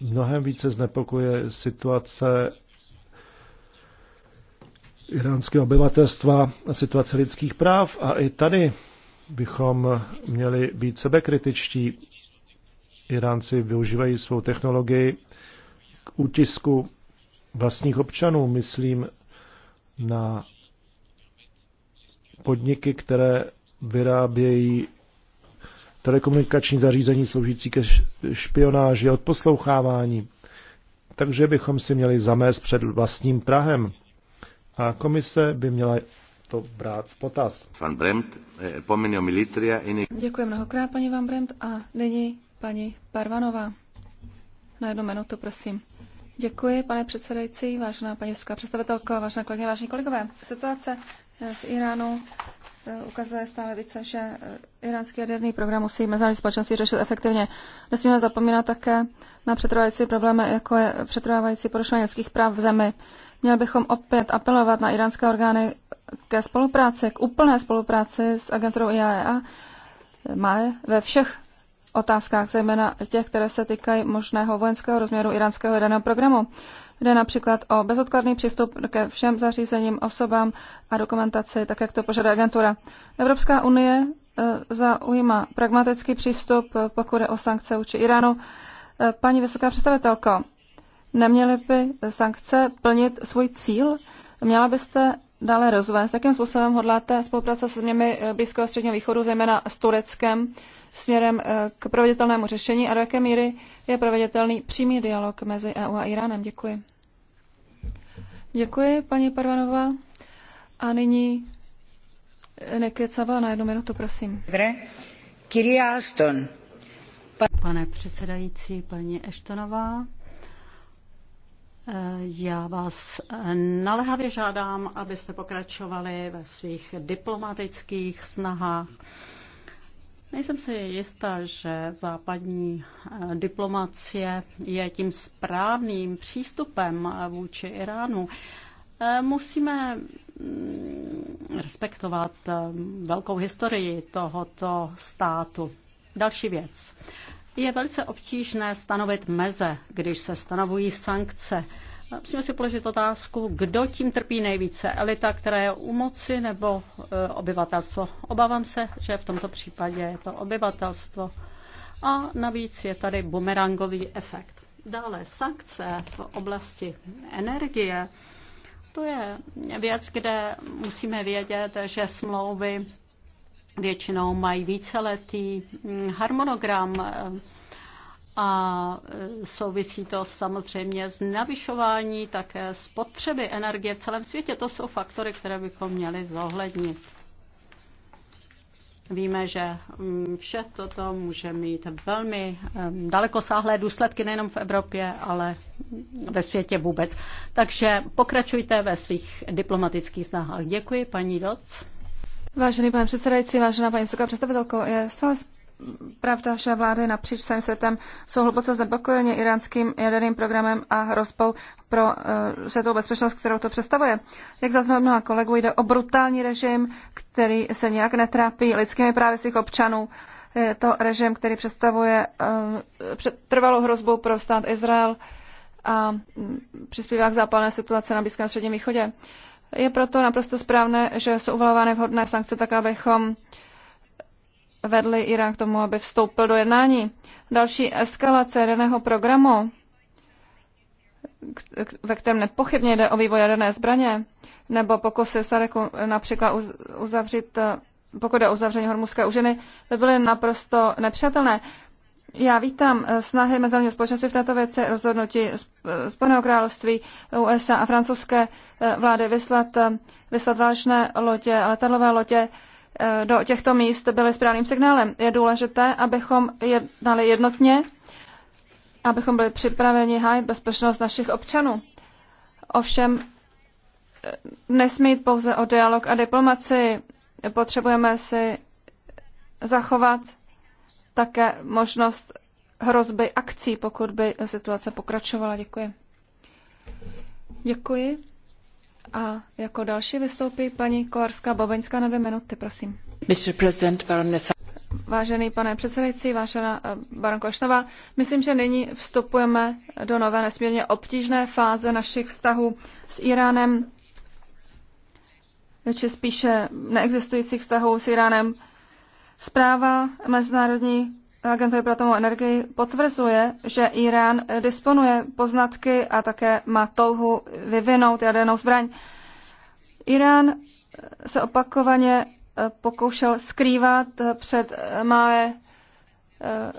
mnohem více znepokuje situace iránského obyvatelstva a situace lidských práv. A i tady bychom měli být sebekritičtí. Iránci využívají svou technologii k útisku vlastních občanů. Myslím na podniky, které vyrábějí telekomunikační zařízení sloužící ke špionáži, a odposlouchávání. Takže bychom si měli zamést před vlastním Prahem. A komise by měla to brát v potaz.
Van Bremt, eh, pomíně militria. In... Děkuji
mnohokrát, paní Van Bremt. A nyní paní Parvanová. Na jednu minutu, prosím. Děkuji, pane předsedající, vážená paní vysoká představitelko, vážená kolegyně, vážení kolegové. Situace v Iránu eh, ukazuje stále více, že eh, iránský jaderný program musí mezinárodní společenství řešit efektivně. Nesmíme zapomínat také na přetrvávající problémy, jako je přetrvávající porušování lidských práv v zemi. Měli bychom opět apelovat na iránské orgány ke spolupráci, k úplné spolupráci s agenturou IAEA MAE ve všech otázkách, zejména těch, které se týkají možného vojenského rozměru iránského jaderného programu. Jde například o bezodkladný přístup ke všem zařízením, osobám a dokumentaci, tak jak to požaduje agentura. Evropská unie e, zaujímá pragmatický přístup, e, pokud je o sankce vůči Iránu. E, paní vysoká představitelko, neměly by sankce plnit svůj cíl? Měla byste dále rozvést, jakým způsobem hodláte spolupráce s zeměmi Blízkého a Středního východu, zejména s Tureckem, směrem eh, k proveditelnému řešení a do jaké míry je proveditelný přímý dialog mezi EU a Iránem. Děkuji. Děkuji, paní Parvanová. A nyní Nekecava na jednu minutu, prosím.
Pane předsedající, paní Eštonová, eh, já vás eh, naléhavě žádám, abyste pokračovali ve svých diplomatických snahách Nejsem si jistá, že západní eh, diplomacie je tím správným přístupem eh, vůči Iránu. Eh, musíme mm, respektovat velkou historii tohoto státu. Další věc. Je velice obtížné stanovit meze, když se stanovují sankce. Musíme si položit otázku, kdo tím trpí nejvíce. Elita, která je u moci, nebo eh, obyvatelstvo. Obávám se, že v tomto případě je to obyvatelstvo. A navíc je tady bumerangový efekt. Dále sankce v oblasti energie. To je věc, kde musíme vědět, že smlouvy většinou mají víceletý hm, harmonogram a e, souvisí to samozřejmě s navyšování také spotřeby energie v celém světě. To jsou faktory, které bychom měli zohlednit. Víme, že mm, vše toto může mít velmi mm, dalekosáhlé důsledky nejenom v Evropě, ale ve světě vůbec. Takže pokračujte ve svých diplomatických snahách. Děkuji, paní Doc.
Vážený pane předsedající, vážená paní Stuka. představitelko, je stále pravda, že vlády napříč celým světem jsou hluboce znepokojeni iránským jaderným programem a hrozbou pro uh, světovou bezpečnost, kterou to představuje. Jak zaznělo mnoha kolegů, jde o brutální režim, který se nějak netrápí lidskými právy svých občanů. Je to režim, který představuje uh, trvalou hrozbu pro stát Izrael a mm, přispívá k zápalné situace na Blízkém středním východě. Je proto naprosto správné, že jsou uvalovány vhodné sankce tak, abychom uh, vedly Irán k tomu, aby vstoupil do jednání. Další eskalace jaderného programu, ve kterém nepochybně jde o vývoj jaderné zbraně, nebo pokusy Sareku například uzavřít, pokud je uzavření hormuzské užiny, by byly naprosto nepřijatelné. Já vítám snahy mezinárodního společenství v této věci, rozhodnutí Spojeného království, USA a francouzské vlády vyslat, vyslat vážné lotě, letadlové lotě do těchto míst byly správným signálem. Je důležité, abychom jednali jednotně, abychom byli připraveni hájit bezpečnost našich občanů. Ovšem nesmít pouze o dialog a diplomaci. Potřebujeme si zachovat také možnost hrozby akcí, pokud by situace pokračovala. Děkuji. Děkuji. A jako další vystoupí paní Kolarská Bobeňská na dvě minuty, prosím. Mr. President, Baronessa. Vážený pane předsedající, vážená eh, baron Košnova, myslím, že nyní vstupujeme do nové nesmírně obtížné fáze našich vztahů s Iránem, či spíše neexistujících vztahů s Iránem. Zpráva Mezinárodní agentury pro atomovou energii potvrzuje, že Irán disponuje poznatky a také má touhu vyvinout jadernou zbraň. Irán se opakovaně eh, pokoušel skrývat eh, před eh, Máje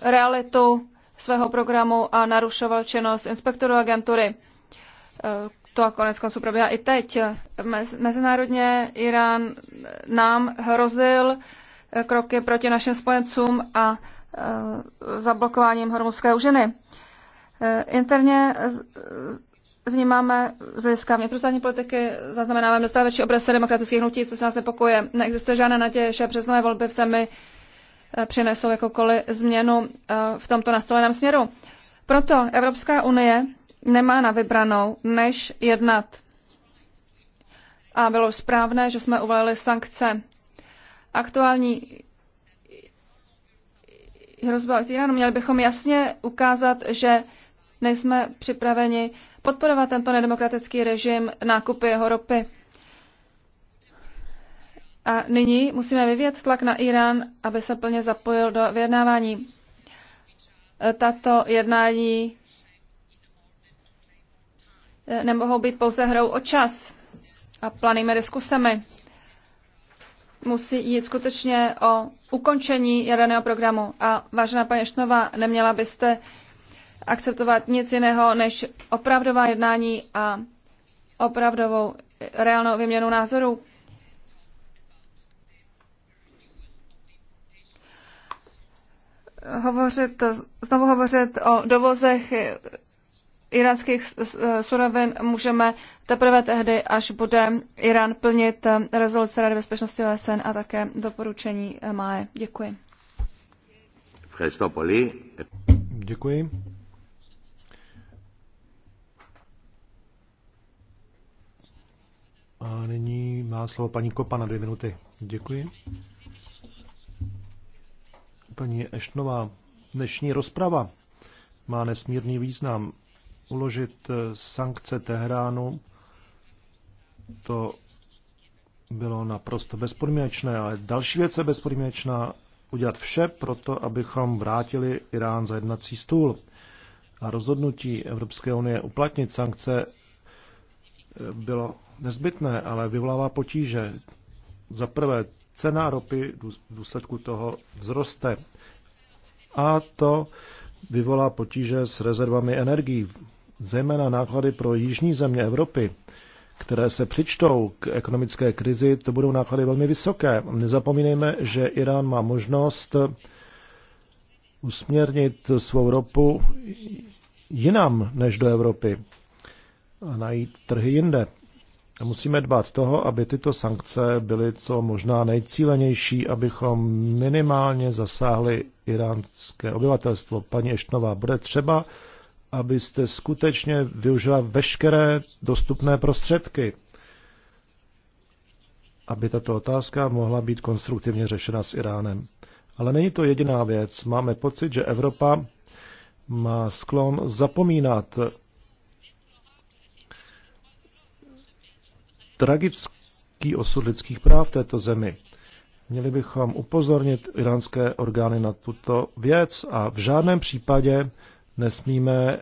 realitu svého programu a narušoval činnost inspektorů agentury. To a konec konců probíhá i teď. Mezinárodně Irán nám hrozil kroky proti našim spojencům a Eh, zablokováním hormonské ženy. Eh, interně vnímáme z hlediska vnitrostátní politiky, zaznamenáváme docela větší obraz demokratických hnutí, co se nás nepokoje. Neexistuje žádná naděje, že nové volby v zemi eh, přinesou jakoukoliv změnu v tomto nastoleném směru. Proto Evropská unie nemá na vybranou, než jednat. A bylo správné, že jsme uvalili sankce. Aktuální hrozba od Iránu. Měli bychom jasně ukázat, že nejsme připraveni podporovat tento nedemokratický režim nákupy jeho ropy. A nyní musíme vyvíjet tlak na Irán, aby se plně zapojil do vyjednávání. Tato jednání eh, nemohou být pouze hrou o čas a planými diskusemi. Musí jít skutečně o ukončení jaderného programu. A vážená paní Štnova, neměla byste akceptovat nic jiného než opravdová jednání a opravdovou reálnou vyměnu názorů. Hovořit, znovu hovořit o dovozech iránských eh, surovin můžeme teprve tehdy, až bude Irán plnit eh, rezoluce Rady bezpečnosti OSN a také doporučení eh, MAE. Děkuji.
Děkuji. A nyní má slovo paní Kopa na dvě minuty. Děkuji. Paní Eštnová, dnešní rozprava má nesmírný význam uložit eh, sankce Tehránu. To bylo naprosto bezpodmínečné, ale další věc je bezpodmínečná udělat vše pro to, abychom vrátili Irán za jednací stůl. A rozhodnutí Evropské unie uplatnit sankce eh, bylo nezbytné, ale vyvolává potíže. Za prvé, cena ropy v důsledku toho vzroste. A to vyvolá potíže s rezervami energií zejména náklady pro jižní země Evropy, které se přičtou k ekonomické krizi, to budou náklady velmi vysoké. Nezapomínejme, že Irán má možnost usměrnit svou ropu jinam než do Evropy a najít trhy jinde. A musíme dbát toho, aby tyto sankce byly co možná nejcílenější, abychom minimálně zasáhli iránské obyvatelstvo. Paní Eštnová, bude třeba abyste skutečně využila veškeré dostupné prostředky, aby tato otázka mohla být konstruktivně řešena s Iránem. Ale není to jediná věc. Máme pocit, že Evropa má sklon zapomínat tragický osud lidských práv v této zemi. Měli bychom upozornit iránské orgány na tuto věc a v žádném případě nesmíme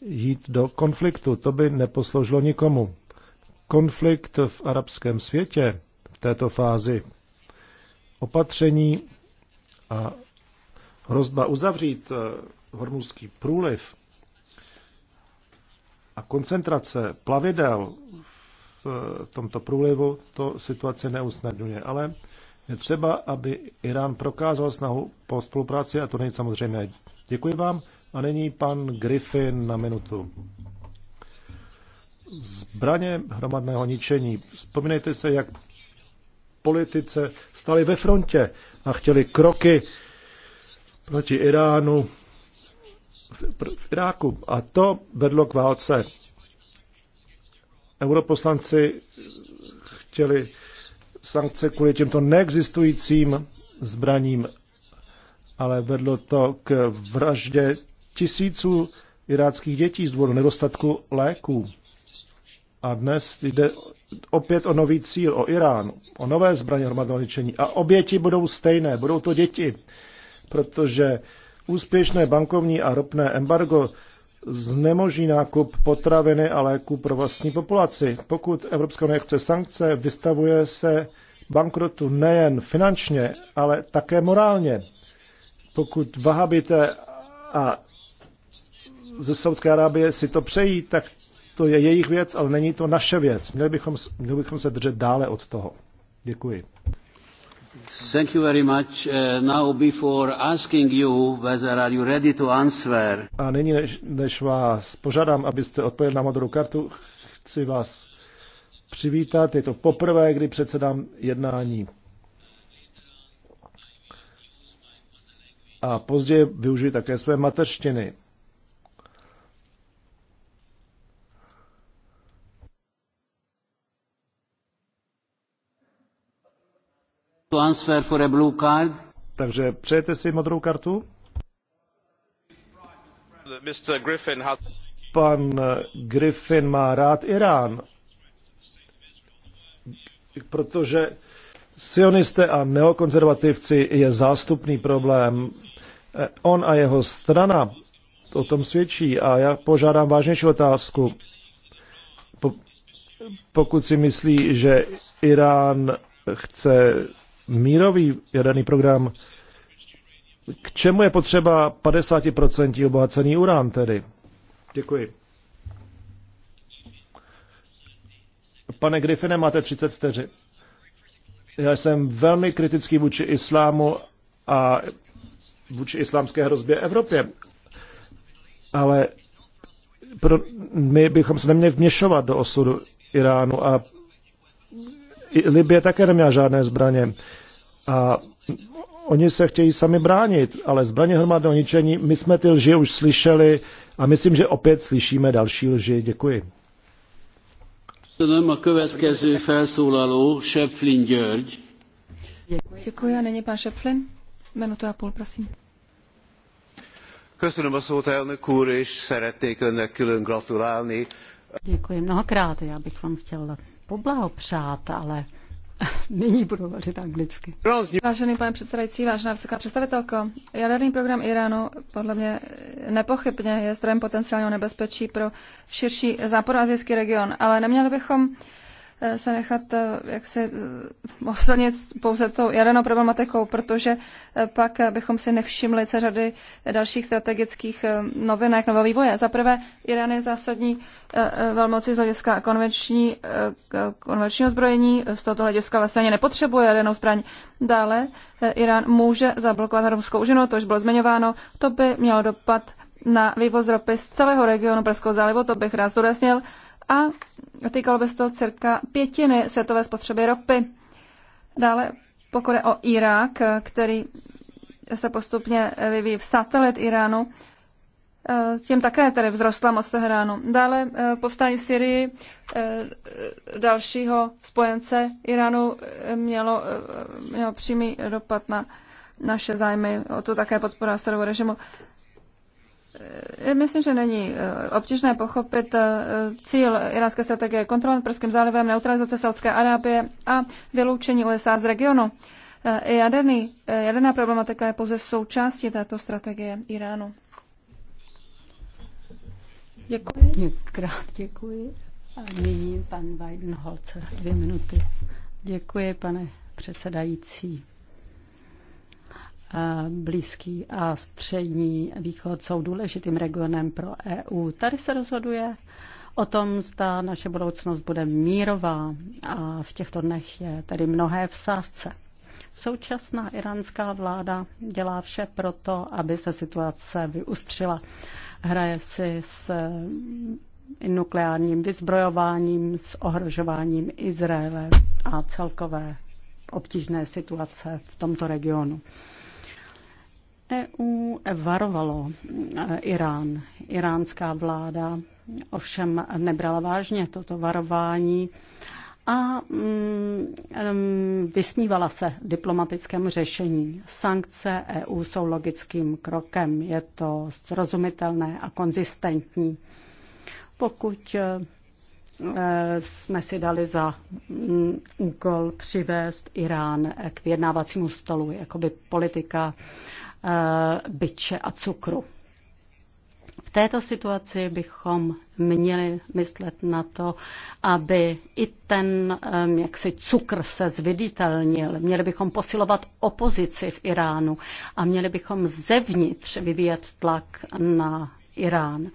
jít do konfliktu. To by neposloužilo nikomu. Konflikt v arabském světě v této fázi opatření a hrozba uzavřít eh, hormuzský průliv a koncentrace plavidel v eh, tomto průlivu to situaci neusnadňuje. Ale je třeba, aby Irán prokázal snahu po spolupráci a to není samozřejmé Děkuji vám. A nyní pan Griffin na minutu. Zbraně hromadného ničení. Vzpomínejte se, jak politice stali ve frontě a chtěli kroky proti Iránu v Iráku. A to vedlo k válce. Europoslanci chtěli sankce kvůli těmto neexistujícím zbraním ale vedlo to k vraždě tisíců iráckých dětí z důvodu nedostatku léků. A dnes jde opět o nový cíl, o Irán, o nové zbraně hromadného ničení. A oběti budou stejné, budou to děti, protože úspěšné bankovní a ropné embargo znemoží nákup potraviny a léků pro vlastní populaci. Pokud Evropská unie chce sankce, vystavuje se bankrotu nejen finančně, ale také morálně. Pokud vahabité a ze Saudské Arábie si to přejí, tak to je jejich věc, ale není to naše věc. Měli bychom, měli bychom se držet dále od toho. Děkuji.
Thank you very much. Uh, now before asking you whether are you ready to answer.
A nyní, než, než vás požádám, abyste odpověděl na modrou kartu, chci vás přivítat. Je to poprvé, kdy předsedám jednání a později využili také své mateřštiny. Transfer for a blue card. Takže přejete si modrou kartu? Pan Griffin má rád Irán, protože sionisté a neokonzervativci je zástupný problém Eh, on a jeho strana o tom svědčí. A já požádám vážnější otázku. Pokud si myslí, že Irán chce mírový jaderný program, k čemu je potřeba 50% obohacený urán tedy? Děkuji. Pane Griffine, máte 30 vteřin. Já jsem velmi kritický vůči islámu a vůči islámské hrozbě Evropě. Ale pro, my bychom se neměli vměšovat do osudu Iránu a Libie také neměla žádné zbraně. A oni se chtějí sami bránit, ale zbraně hromadného ničení, my jsme ty lži už slyšeli a myslím, že opět slyšíme další lži. Děkuji. a Děkuji a nyní pan Šeflin.
Minutu a půl, prosím
elnök úr, és szeretnék önnek külön gratulálni.
Děkuji mnohokrát, já bych vám chtěl poblahopřát, ale (laughs) nyní budu hovořit anglicky. Vážený pane předsedající,
vážená vysoká představitelko, jaderný program Iránu podle mě nepochybně je zdrojem potenciálního nebezpečí pro širší západoazijský region, ale neměli bychom uh, Eh, se nechat eh, jak se eh, oslnit pouze tou jadernou problematikou, protože pak bychom si nevšimli se řady dalších strategických novinek nového vývoje. Za prvé, Irán je zásadní velmoci z hlediska konvenční, konvenčního zbrojení, z tohoto hlediska vlastně ani nepotřebuje jadernou zbraň. Dále, Irán může zablokovat romskou užinu, to už bylo zmiňováno, to by mělo dopad na vývoz ropy z celého regionu Perského zálivu, to bych rád zdůraznil, a týkalo by se to cirka pětiny světové spotřeby ropy. Dále pokud je o Irák, který se postupně vyvíjí v satelit Iránu, tím také tedy vzrostla moc Teheránu. Dále eh, povstání v Syrii eh, dalšího spojence Iránu eh, mělo, mělo přímý dopad na naše zájmy, o tu také podpora Asadového režimu. Eh, myslím, že není eh, obtížné pochopit eh, cíl iránské strategie kontrol nad Perským zálivem, neutralizace Saudské Arábie a vyloučení USA z regionu. Jaderný, jaderná problematika je pouze součástí této strategie Iránu.
Děkuji. Krát děkuji. A nyní pan Weidenholzer. Dvě minuty. Děkuji, pane předsedající. Blízký a střední východ jsou důležitým regionem pro EU. Tady se rozhoduje o tom, zda naše budoucnost bude mírová a v těchto dnech je tedy mnohé v sázce. Současná iránská vláda dělá vše proto, aby se situace vyustřila. Hraje si s nukleárním vyzbrojováním, s ohrožováním Izraele a celkové obtížné situace v tomto regionu. EU varovalo e, Irán. Iránská vláda ovšem nebrala vážně toto varování a mm, mm vysmívala se diplomatickému řešení. Sankce EU jsou logickým krokem, je to srozumitelné a konzistentní. Pokud e, e, jsme si dali za mm, úkol přivést Irán k vyjednávacímu stolu, jakoby politika Eh, byče a cukru. V této situaci bychom měli myslet na to, aby i ten eh, jaksi cukr se zviditelnil. Měli bychom posilovat opozici v Iránu a měli bychom zevnitř vyvíjet tlak na Irán.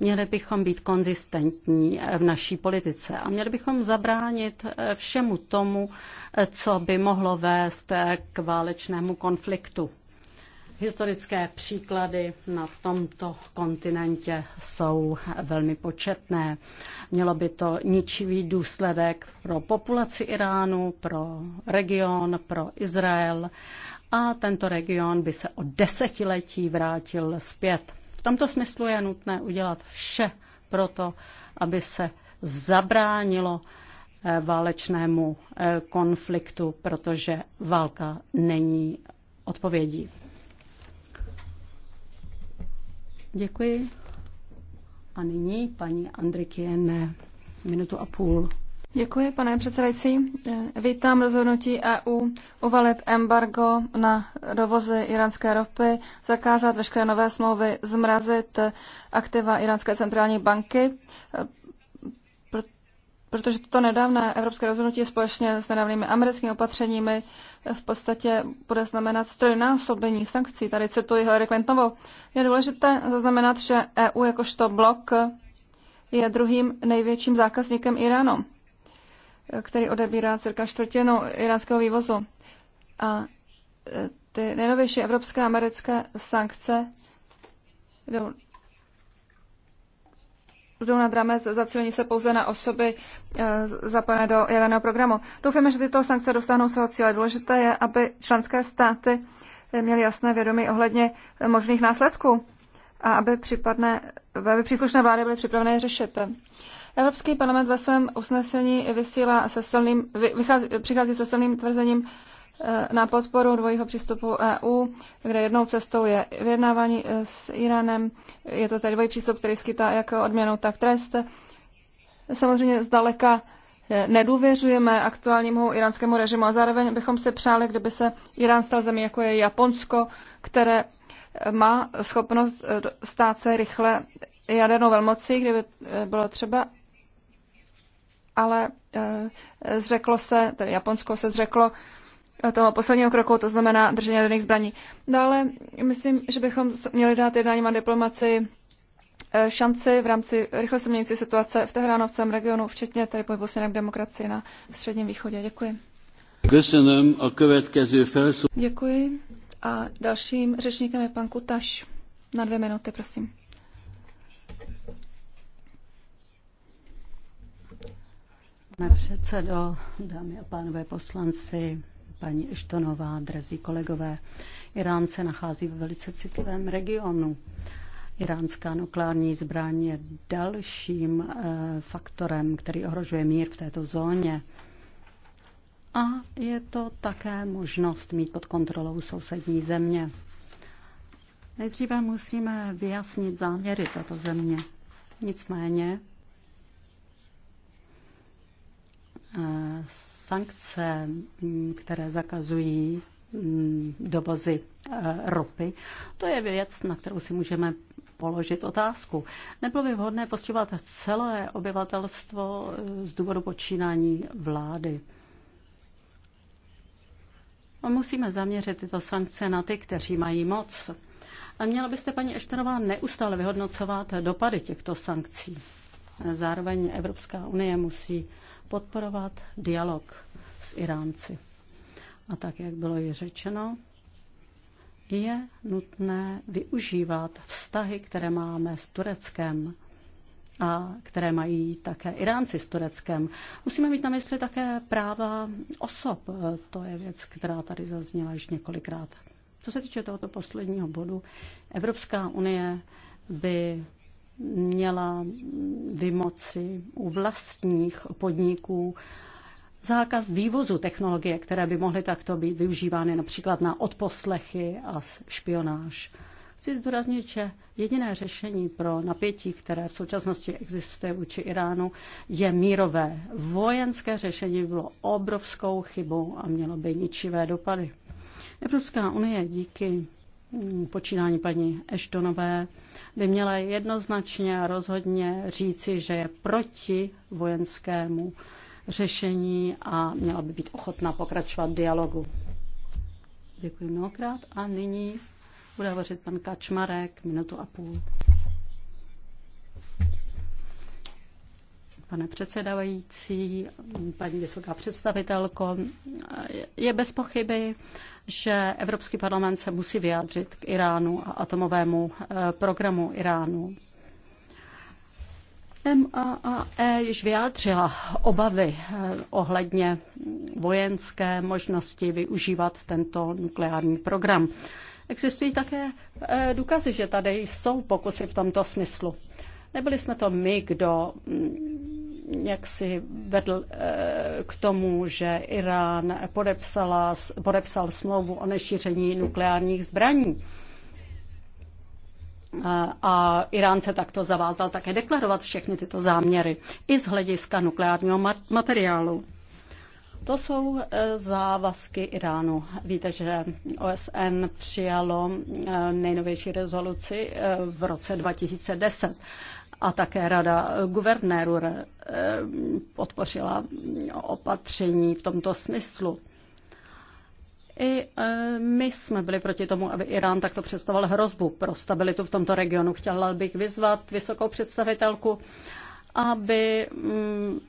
Měli bychom být konzistentní eh, v naší politice a měli bychom zabránit všemu tomu, co by mohlo vést k válečnému konfliktu Historické příklady na tomto kontinentě jsou velmi početné. Mělo by to ničivý důsledek pro populaci Iránu, pro region, pro Izrael a tento region by se o desetiletí vrátil zpět. V tomto smyslu je nutné udělat vše pro to, aby se zabránilo eh, válečnému eh, konfliktu, protože válka není odpovědí. Děkuji. A nyní paní Andrikien, minutu a půl. Děkuji, pane
předsedající. Vítám rozhodnutí EU uvalit embargo na dovozy iránské ropy, zakázat veškeré nové smlouvy, zmrazit aktiva iránské centrální banky, protože toto nedávné evropské rozhodnutí společně s nedávnými americkými opatřeními v podstatě bude znamenat strojnásobení sankcí. Tady cituji Hillary Clintonovou. Je důležité zaznamenat, že EU jakožto blok je druhým největším zákazníkem Iránu, který odebírá cirka čtvrtinu iránského vývozu. A e, ty nejnovější evropské americké sankce jdou jdou nad rámec zacílení se pouze na osoby eh, zapojené do jaderného programu. Doufáme, že tyto sankce dostanou svého cíle. Důležité je, aby členské státy měly jasné vědomí ohledně možných následků a aby, případné, aby příslušné vlády byly připravené je řešit. Evropský parlament ve svém usnesení vysílá se silným, vychází, přichází se silným tvrzením, na podporu dvojího přístupu EU, kde jednou cestou je vyjednávání e, s Iránem. Je to tedy dvojí přístup, který skytá jak odměnu, tak trest. Samozřejmě zdaleka e, nedůvěřujeme aktuálnímu iránskému režimu a zároveň bychom si přáli, kdyby se Irán stal zemí, jako je Japonsko, které e, má schopnost stát se rychle jadernou velmocí, kdyby bylo třeba, ale zřeklo se, tedy Japonsko se zřeklo toho posledního kroku, to znamená držení jaderných zbraní. Dále myslím, že bychom měli dát jednáním a diplomaci eh, šanci v rámci rychle se měnící situace v Tehránovcem regionu, včetně tady pohybu směrem k demokracii na středním východě. Děkuji.
Děkuji.
A dalším řečníkem je pan Kutaš. Na dvě minuty, prosím.
Pane předsedo, dámy a pánové poslanci, paní Eštonová, drazí kolegové. Irán se nachází v velice citlivém regionu. Iránská nukleární zbraň je dalším eh, faktorem, který ohrožuje mír v této zóně. A je to také možnost mít pod kontrolou sousední země. Nejdříve musíme vyjasnit záměry této země. Nicméně eh, sankce, mm, které zakazují mm, dovozy e, ropy, to je věc, na kterou si můžeme položit otázku. Nebylo by vhodné postihovat celé obyvatelstvo e, z důvodu počínání vlády. A no, musíme zaměřit tyto sankce na ty, kteří mají moc. A měla byste, paní Ešterová, neustále vyhodnocovat dopady těchto sankcí. Zároveň Evropská unie musí podporovat dialog s Iránci. A tak, jak bylo již řečeno, je nutné využívat vztahy, které máme s Tureckem a které mají také Iránci s Tureckem. Musíme mít na mysli také práva osob. To je věc, která tady zazněla již několikrát. Co se týče tohoto posledního bodu, Evropská unie by měla vymoci u vlastních podniků zákaz vývozu technologie, které by mohly takto být využívány například na odposlechy a špionáž. Chci zdůraznit, že jediné řešení pro napětí, které v současnosti existuje vůči Iránu, je mírové. Vojenské řešení bylo obrovskou chybou a mělo by ničivé dopady. Evropská unie díky Mm, počínání paní Eštonové by měla jednoznačně a rozhodně říci, že je proti vojenskému řešení a měla by být ochotná pokračovat dialogu. Děkuji mnohokrát a nyní bude hovořit pan Kačmarek minutu a půl. pane předsedající, paní vysoká představitelko. Je bez pochyby, že Evropský parlament se musí vyjádřit k Iránu a atomovému eh, programu Iránu. MAAE již vyjádřila obavy eh, ohledně vojenské možnosti využívat tento nukleární program. Existují také eh, důkazy, že tady jsou pokusy v tomto smyslu. Nebyli jsme to my, kdo mm, jak si vedl eh, k tomu, že Irán podepsala, podepsal smlouvu o nešíření nukleárních zbraní. A Irán se takto zavázal také deklarovat všechny tyto záměry i z hlediska nukleárního materiálu. To jsou eh, závazky Iránu. Víte, že OSN přijalo eh, nejnovější rezoluci v roce 2010 a také rada guvernéru eh, podpořila opatření v tomto smyslu. I eh, my jsme byli proti tomu, aby Irán takto představoval hrozbu pro stabilitu v tomto regionu. Chtěla bych vyzvat vysokou představitelku, aby mm,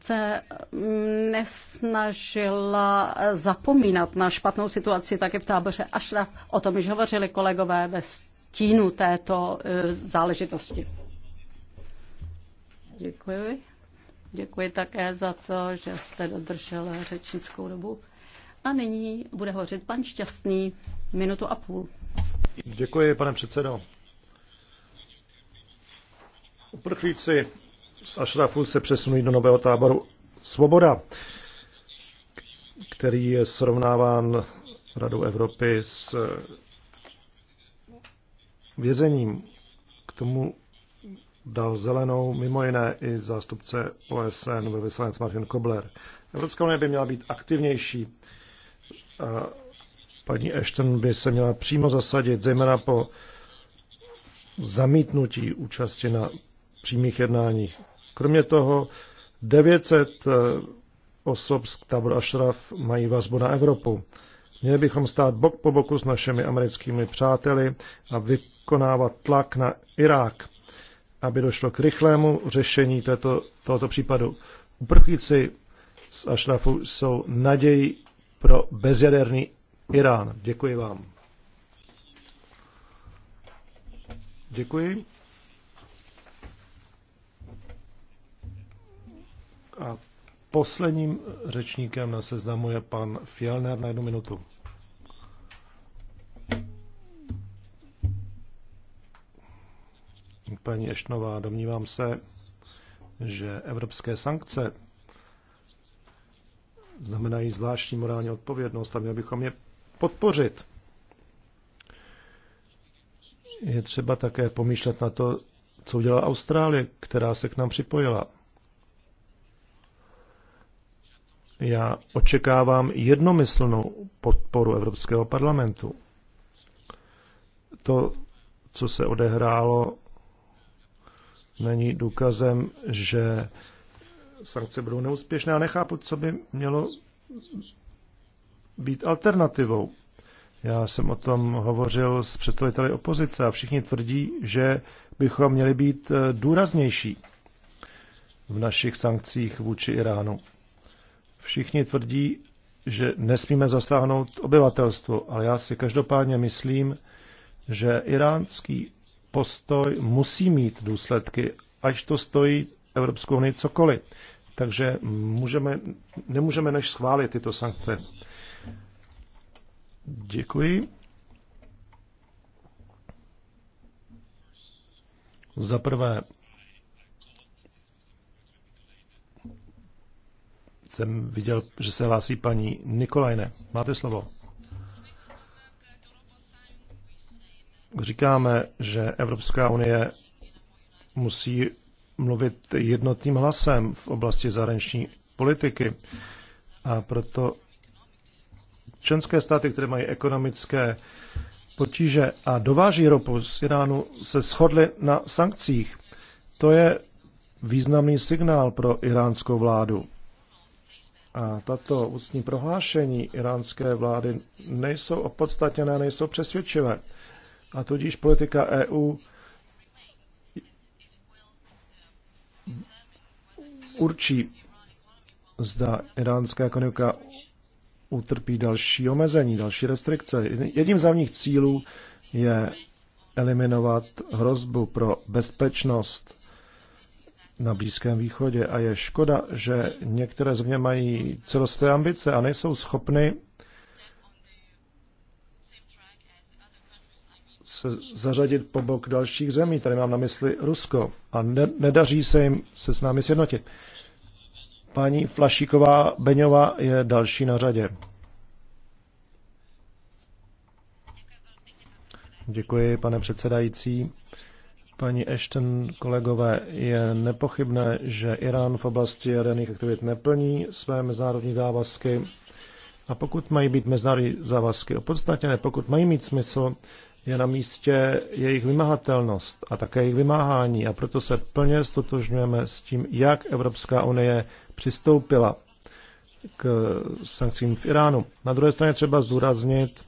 se mm, nesnažila zapomínat na špatnou situaci také v táboře Ashraf. O tom již hovořili kolegové ve stínu této eh, záležitosti. Děkuji. Děkuji také za to, že jste dodržel řečnickou dobu. A nyní bude hořit pan Šťastný minutu a půl.
Děkuji, pane předsedo. Uprchlíci z Ašrafu se přesunují do nového táboru Svoboda, který je srovnáván Radou Evropy s vězením. K tomu dal zelenou, mimo jiné i zástupce OSN ve vyslanec Martin Kobler. Evropská unie by měla být aktivnější. A paní Ashton by se měla přímo zasadit, zejména po zamítnutí účasti na přímých jednáních. Kromě toho 900 eh, osob z Tabor Ashraf mají vazbu na Evropu. Měli bychom stát bok po boku s našimi americkými přáteli a vykonávat tlak na Irák, aby došlo k rychlému řešení této, tohoto případu. Uprchlíci z Ašrafu jsou naději pro bezjaderný Irán. Děkuji vám. Děkuji. A posledním řečníkem na seznamu je pan Fjellner na jednu minutu. paní Ešnová, domnívám se, že evropské sankce znamenají zvláštní morální odpovědnost a měli bychom je podpořit. Je třeba také pomýšlet na to, co udělala Austrálie, která se k nám připojila. Já očekávám jednomyslnou podporu Evropského parlamentu. To, co se odehrálo není důkazem, že sankce budou neúspěšné a nechápu, co by mělo být alternativou. Já jsem o tom hovořil s představiteli opozice a všichni tvrdí, že bychom měli být eh, důraznější v našich sankcích vůči Iránu. Všichni tvrdí, že nesmíme zasáhnout obyvatelstvo, ale já si každopádně myslím, že iránský postoj musí mít důsledky, ať to stojí Evropskou unii cokoliv. Takže můžeme, nemůžeme než schválit tyto sankce. Děkuji. Za prvé, jsem viděl, že se hlásí paní Nikolajne. Máte slovo. říkáme, že Evropská unie musí mluvit jednotným hlasem v oblasti zahraniční politiky. A proto členské státy, které mají ekonomické potíže a dováží ropu z Iránu, se shodly na sankcích. To je významný signál pro iránskou vládu. A tato ústní prohlášení iránské vlády nejsou opodstatněné, nejsou přesvědčivé. A tudíž politika EU určí, zda iránská ekonomika utrpí další omezení, další restrikce. Jedním z hlavních cílů je eliminovat hrozbu pro bezpečnost na Blízkém východě a je škoda, že některé země mají celosté ambice a nejsou schopny se zařadit po bok dalších zemí. Tady mám na mysli Rusko a ne, nedaří se jim se s námi sjednotit. Paní Flašíková Beňová je další na řadě. Děkuji, pane předsedající. Paní Ashton, kolegové, je nepochybné, že Irán v oblasti jaderných aktivit neplní své mezinárodní závazky. A pokud mají být mezinárodní závazky opodstatněné, pokud mají mít smysl, je na místě jejich vymahatelnost a také jejich vymáhání a proto se plně stotožňujeme s tím, jak Evropská unie přistoupila k sankcím v Iránu. Na druhé straně třeba zdůraznit,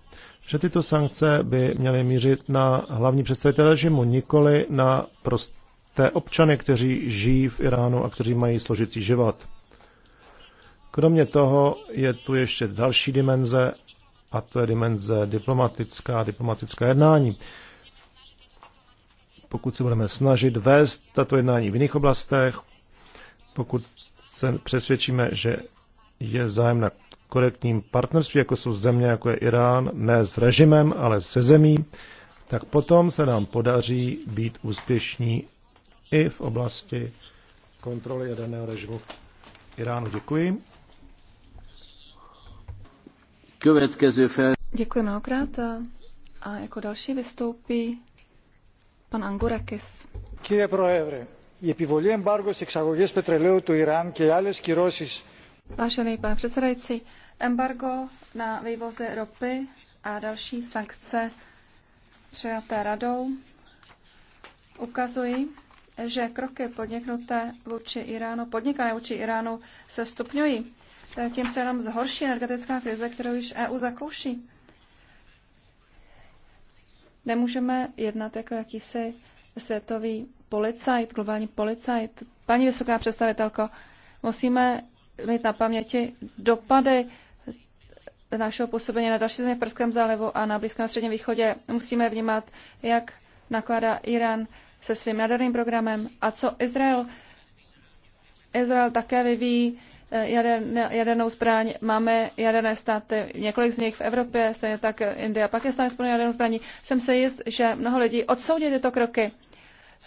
že tyto sankce by měly mířit na hlavní představitele režimu, nikoli na prosté občany, kteří žijí v Iránu a kteří mají složitý život. Kromě toho je tu ještě další dimenze a to je dimenze diplomatická, diplomatická jednání. Pokud se budeme snažit vést tato jednání v jiných oblastech, pokud se přesvědčíme, že je zájem na korektním partnerství, jako jsou země, jako je Irán, ne s režimem, ale se zemí, tak potom se nám podaří být úspěšní i v oblasti kontroly jaderného režimu v Iránu. Děkuji.
Děkuji mnohokrát. A jako další vystoupí pan Angurakis.
Kyrie Proevre, η επιβολή εμπάργου στι εξαγωγέ πετρελαίου του Ιράν και άλλε κυρώσει.
Vážený pane předsedající, embargo na vývoze ropy a další sankce přijaté radou ukazují, že kroky podniknuté vůči Iránu, podnikané vůči Iránu se stupňují. Eh, tím se jenom zhorší energetická krize, kterou již EU zakouší. Nemůžeme jednat jako jakýsi světový policajt, globální policajt. Paní vysoká představitelko, musíme mít na paměti dopady našeho působení na další země v Perském zálivu a na Blízkém a Středním východě. Musíme vnímat, jak nakládá Irán se svým jaderným programem a co Izrael. Izrael také vyvíjí jaderné, jadernou zbraň. Máme jaderné státy, několik z nich v Evropě, stejně tak Indie a Pakistan spolu jadernou zbraní. Jsem se jist, že mnoho lidí odsoudí tyto kroky.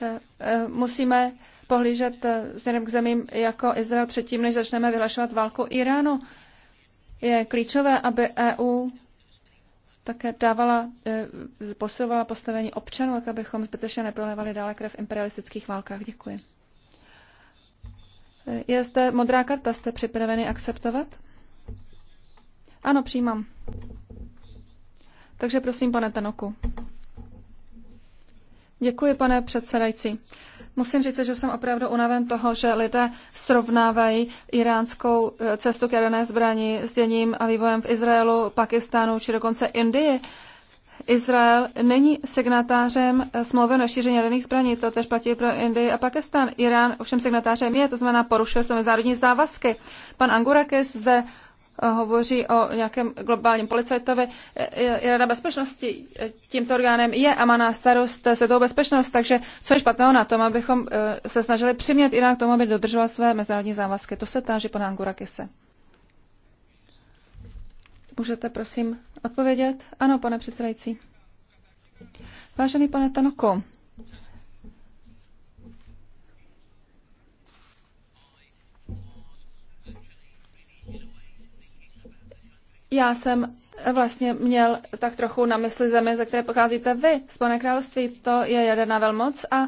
Eh, eh, musíme pohlížet eh, směrem k zemím jako Izrael předtím, než začneme vyhlašovat válku Iránu. Je klíčové, aby EU také dávala, posilovala postavení občanů, tak abychom zbytečně neprolevali dále krev v imperialistických válkách. Děkuji. Je zde modrá karta, jste připraveni akceptovat? Ano, přijímám. Takže prosím, pane Tanoku. Děkuji, pane předsedající. Musím říct, že jsem opravdu unaven toho, že lidé srovnávají iránskou eh, cestu k jaderné zbraní s děním a vývojem v Izraelu, Pakistánu či dokonce Indii. Izrael není signatářem smlouvy o šíření jaderných zbraní, to tež platí pro Indii a Pakistan. Irán ovšem signatářem je, to znamená porušuje své mezinárodní závazky. Pan Angurakis zde eh, hovoří o nějakém globálním policajtovi. Eh, eh, Rada bezpečnosti tímto orgánem je a má na starost světovou bezpečnost, takže co je špatného na tom, abychom se snažili přimět Irán k tomu, aby dodržoval své mezinárodní závazky. To se táží pana Angurakise. Můžete prosím odpovědět? Ano, pane předsedající. Vážený pane Tanoko, já jsem vlastně měl tak trochu na mysli zemi, ze které pocházíte vy. Spojené království to je jaderná velmoc a e,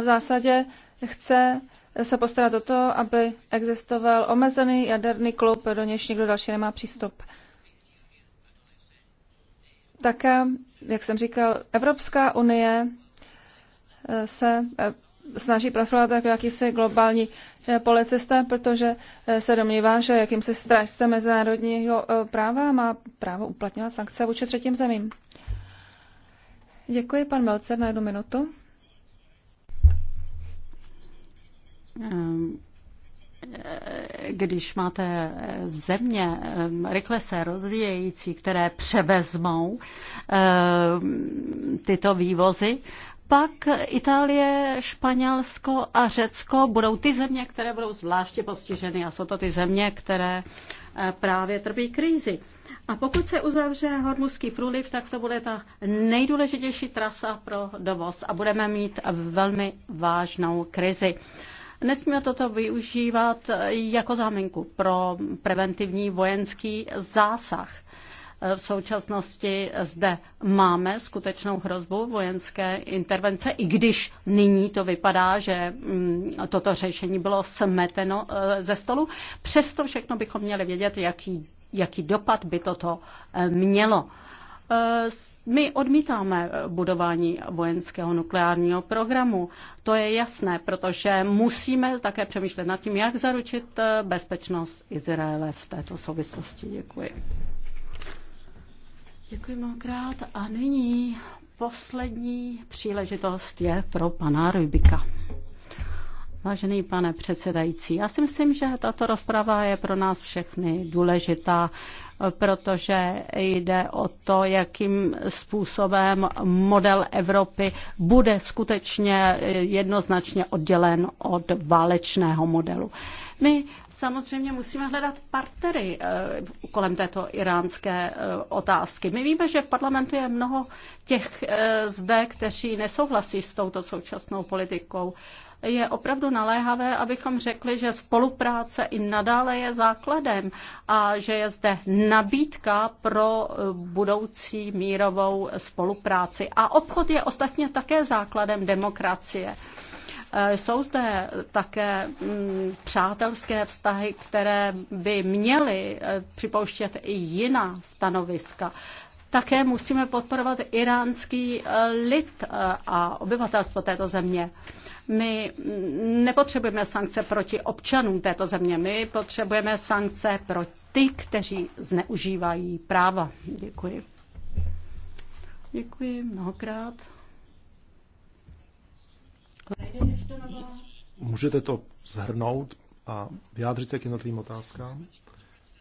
v zásadě chce se postarat o to, aby existoval omezený jaderný klub, do nějž nikdo další nemá přístup. Také, jak jsem říkal, Evropská unie eh, se eh, snaží profilovat jako jakýsi globální eh, policista, protože se domnívá, že jakýmsi strážce mezinárodního práva má právo uplatňovat sankce vůči třetím zemím. Děkuji, pan Melcer, na jednu minutu.
Um když máte země rychle se rozvíjející, které převezmou tyto vývozy, pak Itálie, Španělsko a Řecko budou ty země, které budou zvláště postiženy a jsou to ty země, které eh, právě trpí krizi. A pokud se uzavře Hormuzský průliv, tak to bude ta nejdůležitější trasa pro dovoz a budeme mít velmi vážnou krizi. Nesmíme toto využívat eh, jako záminku pro preventivní vojenský zásah. Eh, v současnosti zde máme skutečnou hrozbu vojenské intervence, i když nyní to vypadá, že mm, toto řešení bylo smeteno eh, ze stolu. Přesto všechno bychom měli vědět, jaký, jaký dopad by toto mělo. Eh, my odmítáme eh, budování vojenského nukleárního programu. To je jasné, protože musíme také přemýšlet nad tím, jak zaručit eh, bezpečnost Izraele v této souvislosti. Děkuji. Děkuji mnohokrát. A nyní poslední příležitost je pro pana Rybika. Vážený pane předsedající, já si myslím, že tato rozprava je pro nás všechny důležitá protože jde o to, jakým způsobem model Evropy bude skutečně jednoznačně oddělen od válečného modelu. My samozřejmě musíme hledat partnery eh, kolem této iránské eh, otázky. My víme, že v parlamentu je mnoho těch eh, zde, kteří nesouhlasí s touto současnou politikou je opravdu naléhavé, abychom řekli, že spolupráce i nadále je základem a že je zde nabídka pro eh, budoucí mírovou spolupráci. A obchod je ostatně také základem demokracie. Eh, jsou zde také mm, přátelské vztahy, které by měly eh, připouštět i jiná stanoviska. Také musíme podporovat iránský eh, lid eh, a obyvatelstvo této země. My nepotřebujeme sankce proti občanům této země, my potřebujeme sankce pro ty, kteří zneužívají práva. Děkuji. Děkuji mnohokrát.
Můžete to zhrnout a vyjádřit se k jednotlivým otázkám?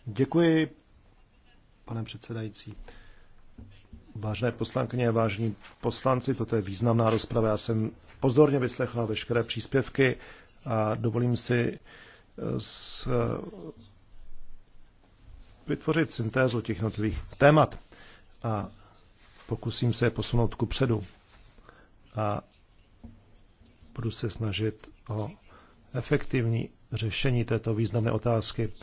Děkuji, pane předsedající. Vážené poslankyně, vážení poslanci, toto je významná rozprava. Já jsem pozorně vyslechla veškeré příspěvky a dovolím si eh, s, eh, vytvořit syntézu těch jednotlivých témat a pokusím se je posunout ku předu a budu se snažit o efektivní řešení této významné otázky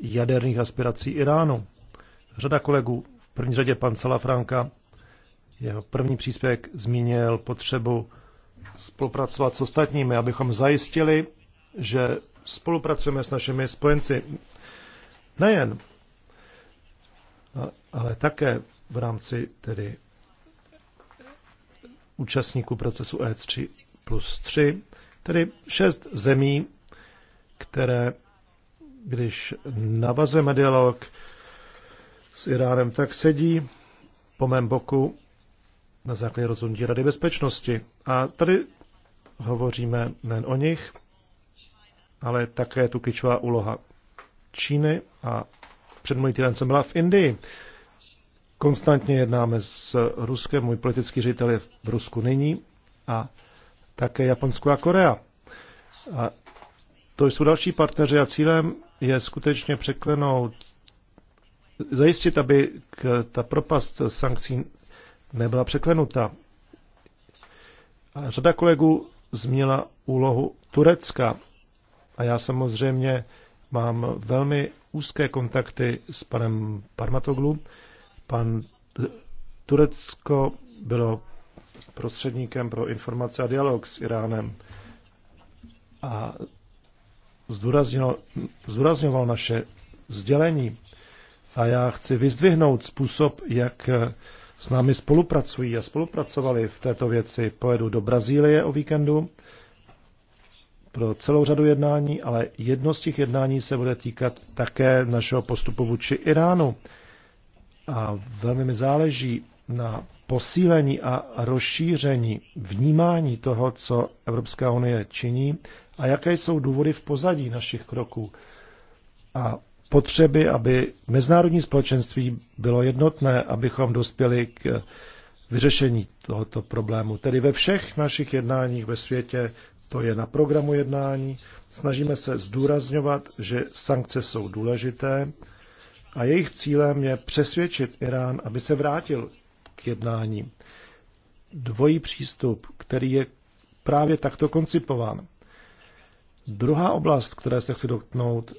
jaderných aspirací Iránu. Řada kolegů v první řadě pan Salafranka, jeho první příspěvek zmínil potřebu spolupracovat s ostatními, abychom zajistili, že spolupracujeme s našimi spojenci nejen, ale také v rámci tedy účastníků procesu E3 plus 3, tedy šest zemí, které, když navazujeme dialog, s Iránem, tak sedí po mém boku na základě rozhodnutí Rady bezpečnosti. A tady hovoříme nejen o nich, ale také tu klíčová úloha Číny a před můj týden jsem byla v Indii. Konstantně jednáme s Ruskem, můj politický ředitel je v Rusku nyní a také Japonsko a Korea. A to jsou další partneři a cílem je skutečně překlenout zajistit, aby ta propast sankcí nebyla překlenuta. A řada kolegů změnila úlohu Turecka a já samozřejmě mám velmi úzké kontakty s panem Parmatoglu. Pan Turecko bylo prostředníkem pro informace a dialog s Iránem a zdůrazňoval naše sdělení a já chci vyzdvihnout způsob, jak s námi spolupracují a spolupracovali v této věci. Pojedu do Brazílie o víkendu pro celou řadu jednání, ale jedno z těch jednání se bude týkat také našeho postupu vůči Iránu. A velmi mi záleží na posílení a rozšíření vnímání toho, co Evropská unie činí a jaké jsou důvody v pozadí našich kroků. A potřeby, aby mezinárodní společenství bylo jednotné, abychom dospěli k vyřešení tohoto problému. Tedy ve všech našich jednáních ve světě, to je na programu jednání, snažíme se zdůrazňovat, že sankce jsou důležité a jejich cílem je přesvědčit Irán, aby se vrátil k jednání. Dvojí přístup, který je právě takto koncipován. Druhá oblast, které se chci dotknout,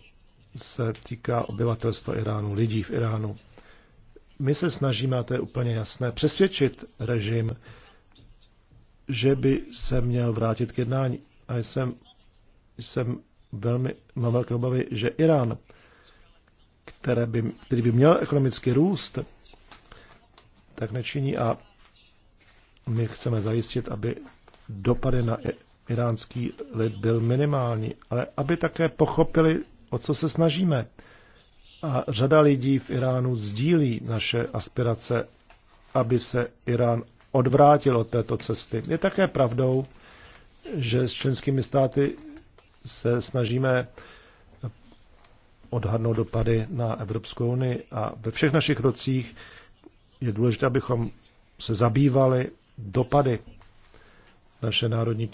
se týká obyvatelstva Iránu, lidí v Iránu. My se snažíme, a to je úplně jasné, přesvědčit režim, že by se měl vrátit k jednání. A jsem, jsem velmi, mám velké obavy, že Irán, které by, který by měl ekonomicky růst, tak nečiní a my chceme zajistit, aby dopady na iránský lid byl minimální, ale aby také pochopili o co se snažíme. A řada lidí v Iránu sdílí naše aspirace, aby se Irán odvrátil od této cesty. Je také pravdou, že s členskými státy se snažíme odhadnout dopady na Evropskou unii a ve všech našich rocích je důležité, abychom se zabývali dopady. Naše národní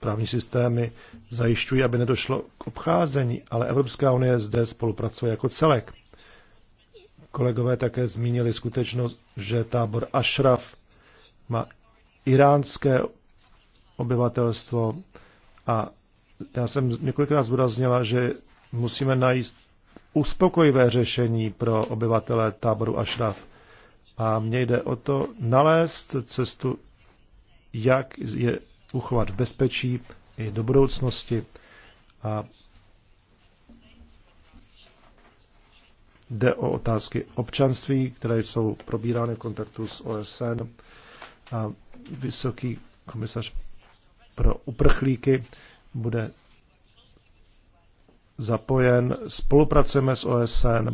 právní systémy zajišťují, aby nedošlo k obcházení, ale Evropská unie zde spolupracuje jako celek. Kolegové také zmínili skutečnost, že tábor Ashraf má iránské obyvatelstvo a já jsem několikrát zdůraznila, že musíme najít uspokojivé řešení pro obyvatele táboru Ashraf. A mně jde o to nalézt cestu, jak je uchovat v bezpečí i do budoucnosti. A jde o otázky občanství, které jsou probírány v kontaktu s OSN a vysoký komisař pro uprchlíky bude zapojen. Spolupracujeme s OSN,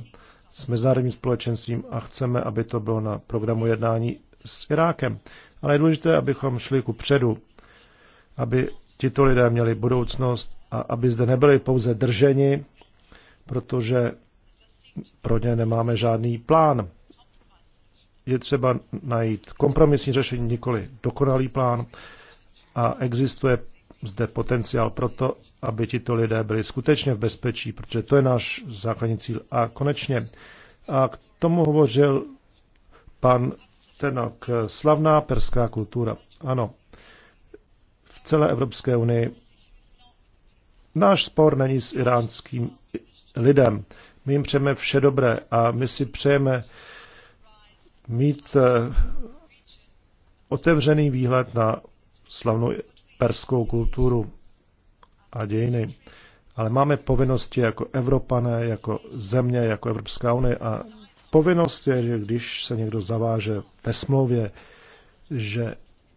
s mezinárodním společenstvím a chceme, aby to bylo na programu jednání s Irákem. Ale je důležité, abychom šli ku předu aby tito lidé měli budoucnost a aby zde nebyli pouze drženi, protože pro ně nemáme žádný plán. Je třeba najít kompromisní řešení, nikoli dokonalý plán a existuje zde potenciál pro to, aby tito lidé byli skutečně v bezpečí, protože to je náš základní cíl. A konečně, a k tomu hovořil pan Tenok, slavná perská kultura. Ano, celé Evropské unii. Náš spor není s iránským lidem. My jim přejeme vše dobré a my si přejeme mít eh, otevřený výhled na slavnou perskou kulturu a dějiny. Ale máme povinnosti jako Evropané, jako země, jako Evropská unie a povinnost je, že když se někdo zaváže ve smlouvě, že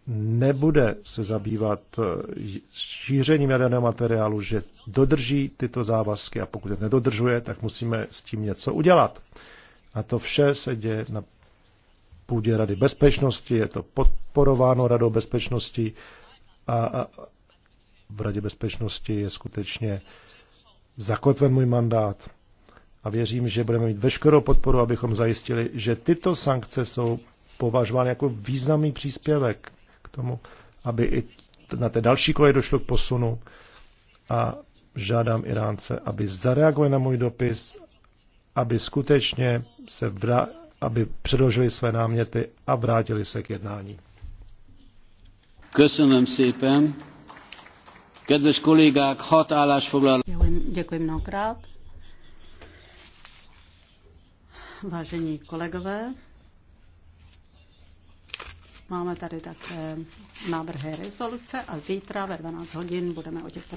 nebude se zabývat eh, šířením jaderného materiálu, že dodrží tyto závazky a pokud je nedodržuje, tak musíme s tím něco udělat. A to vše se děje na půdě Rady bezpečnosti, je to podporováno Radou bezpečnosti a v Radě bezpečnosti je skutečně zakotven můj mandát a věřím, že budeme mít veškerou podporu, abychom zajistili, že tyto sankce jsou považovány jako významný příspěvek tomu, aby i na té další koleji došlo k posunu a žádám Iránce, aby zareagovali na můj dopis, aby skutečně se vrá, aby předložili své náměty a vrátili se k jednání.
Köszönöm szépen. Kedves kollégák, hat állásfoglalás. Děkuji,
děkuji mnohokrát. Vážení kolegové, Máme tady také návrhy rezoluce a zítra ve 12 hodin budeme o těchto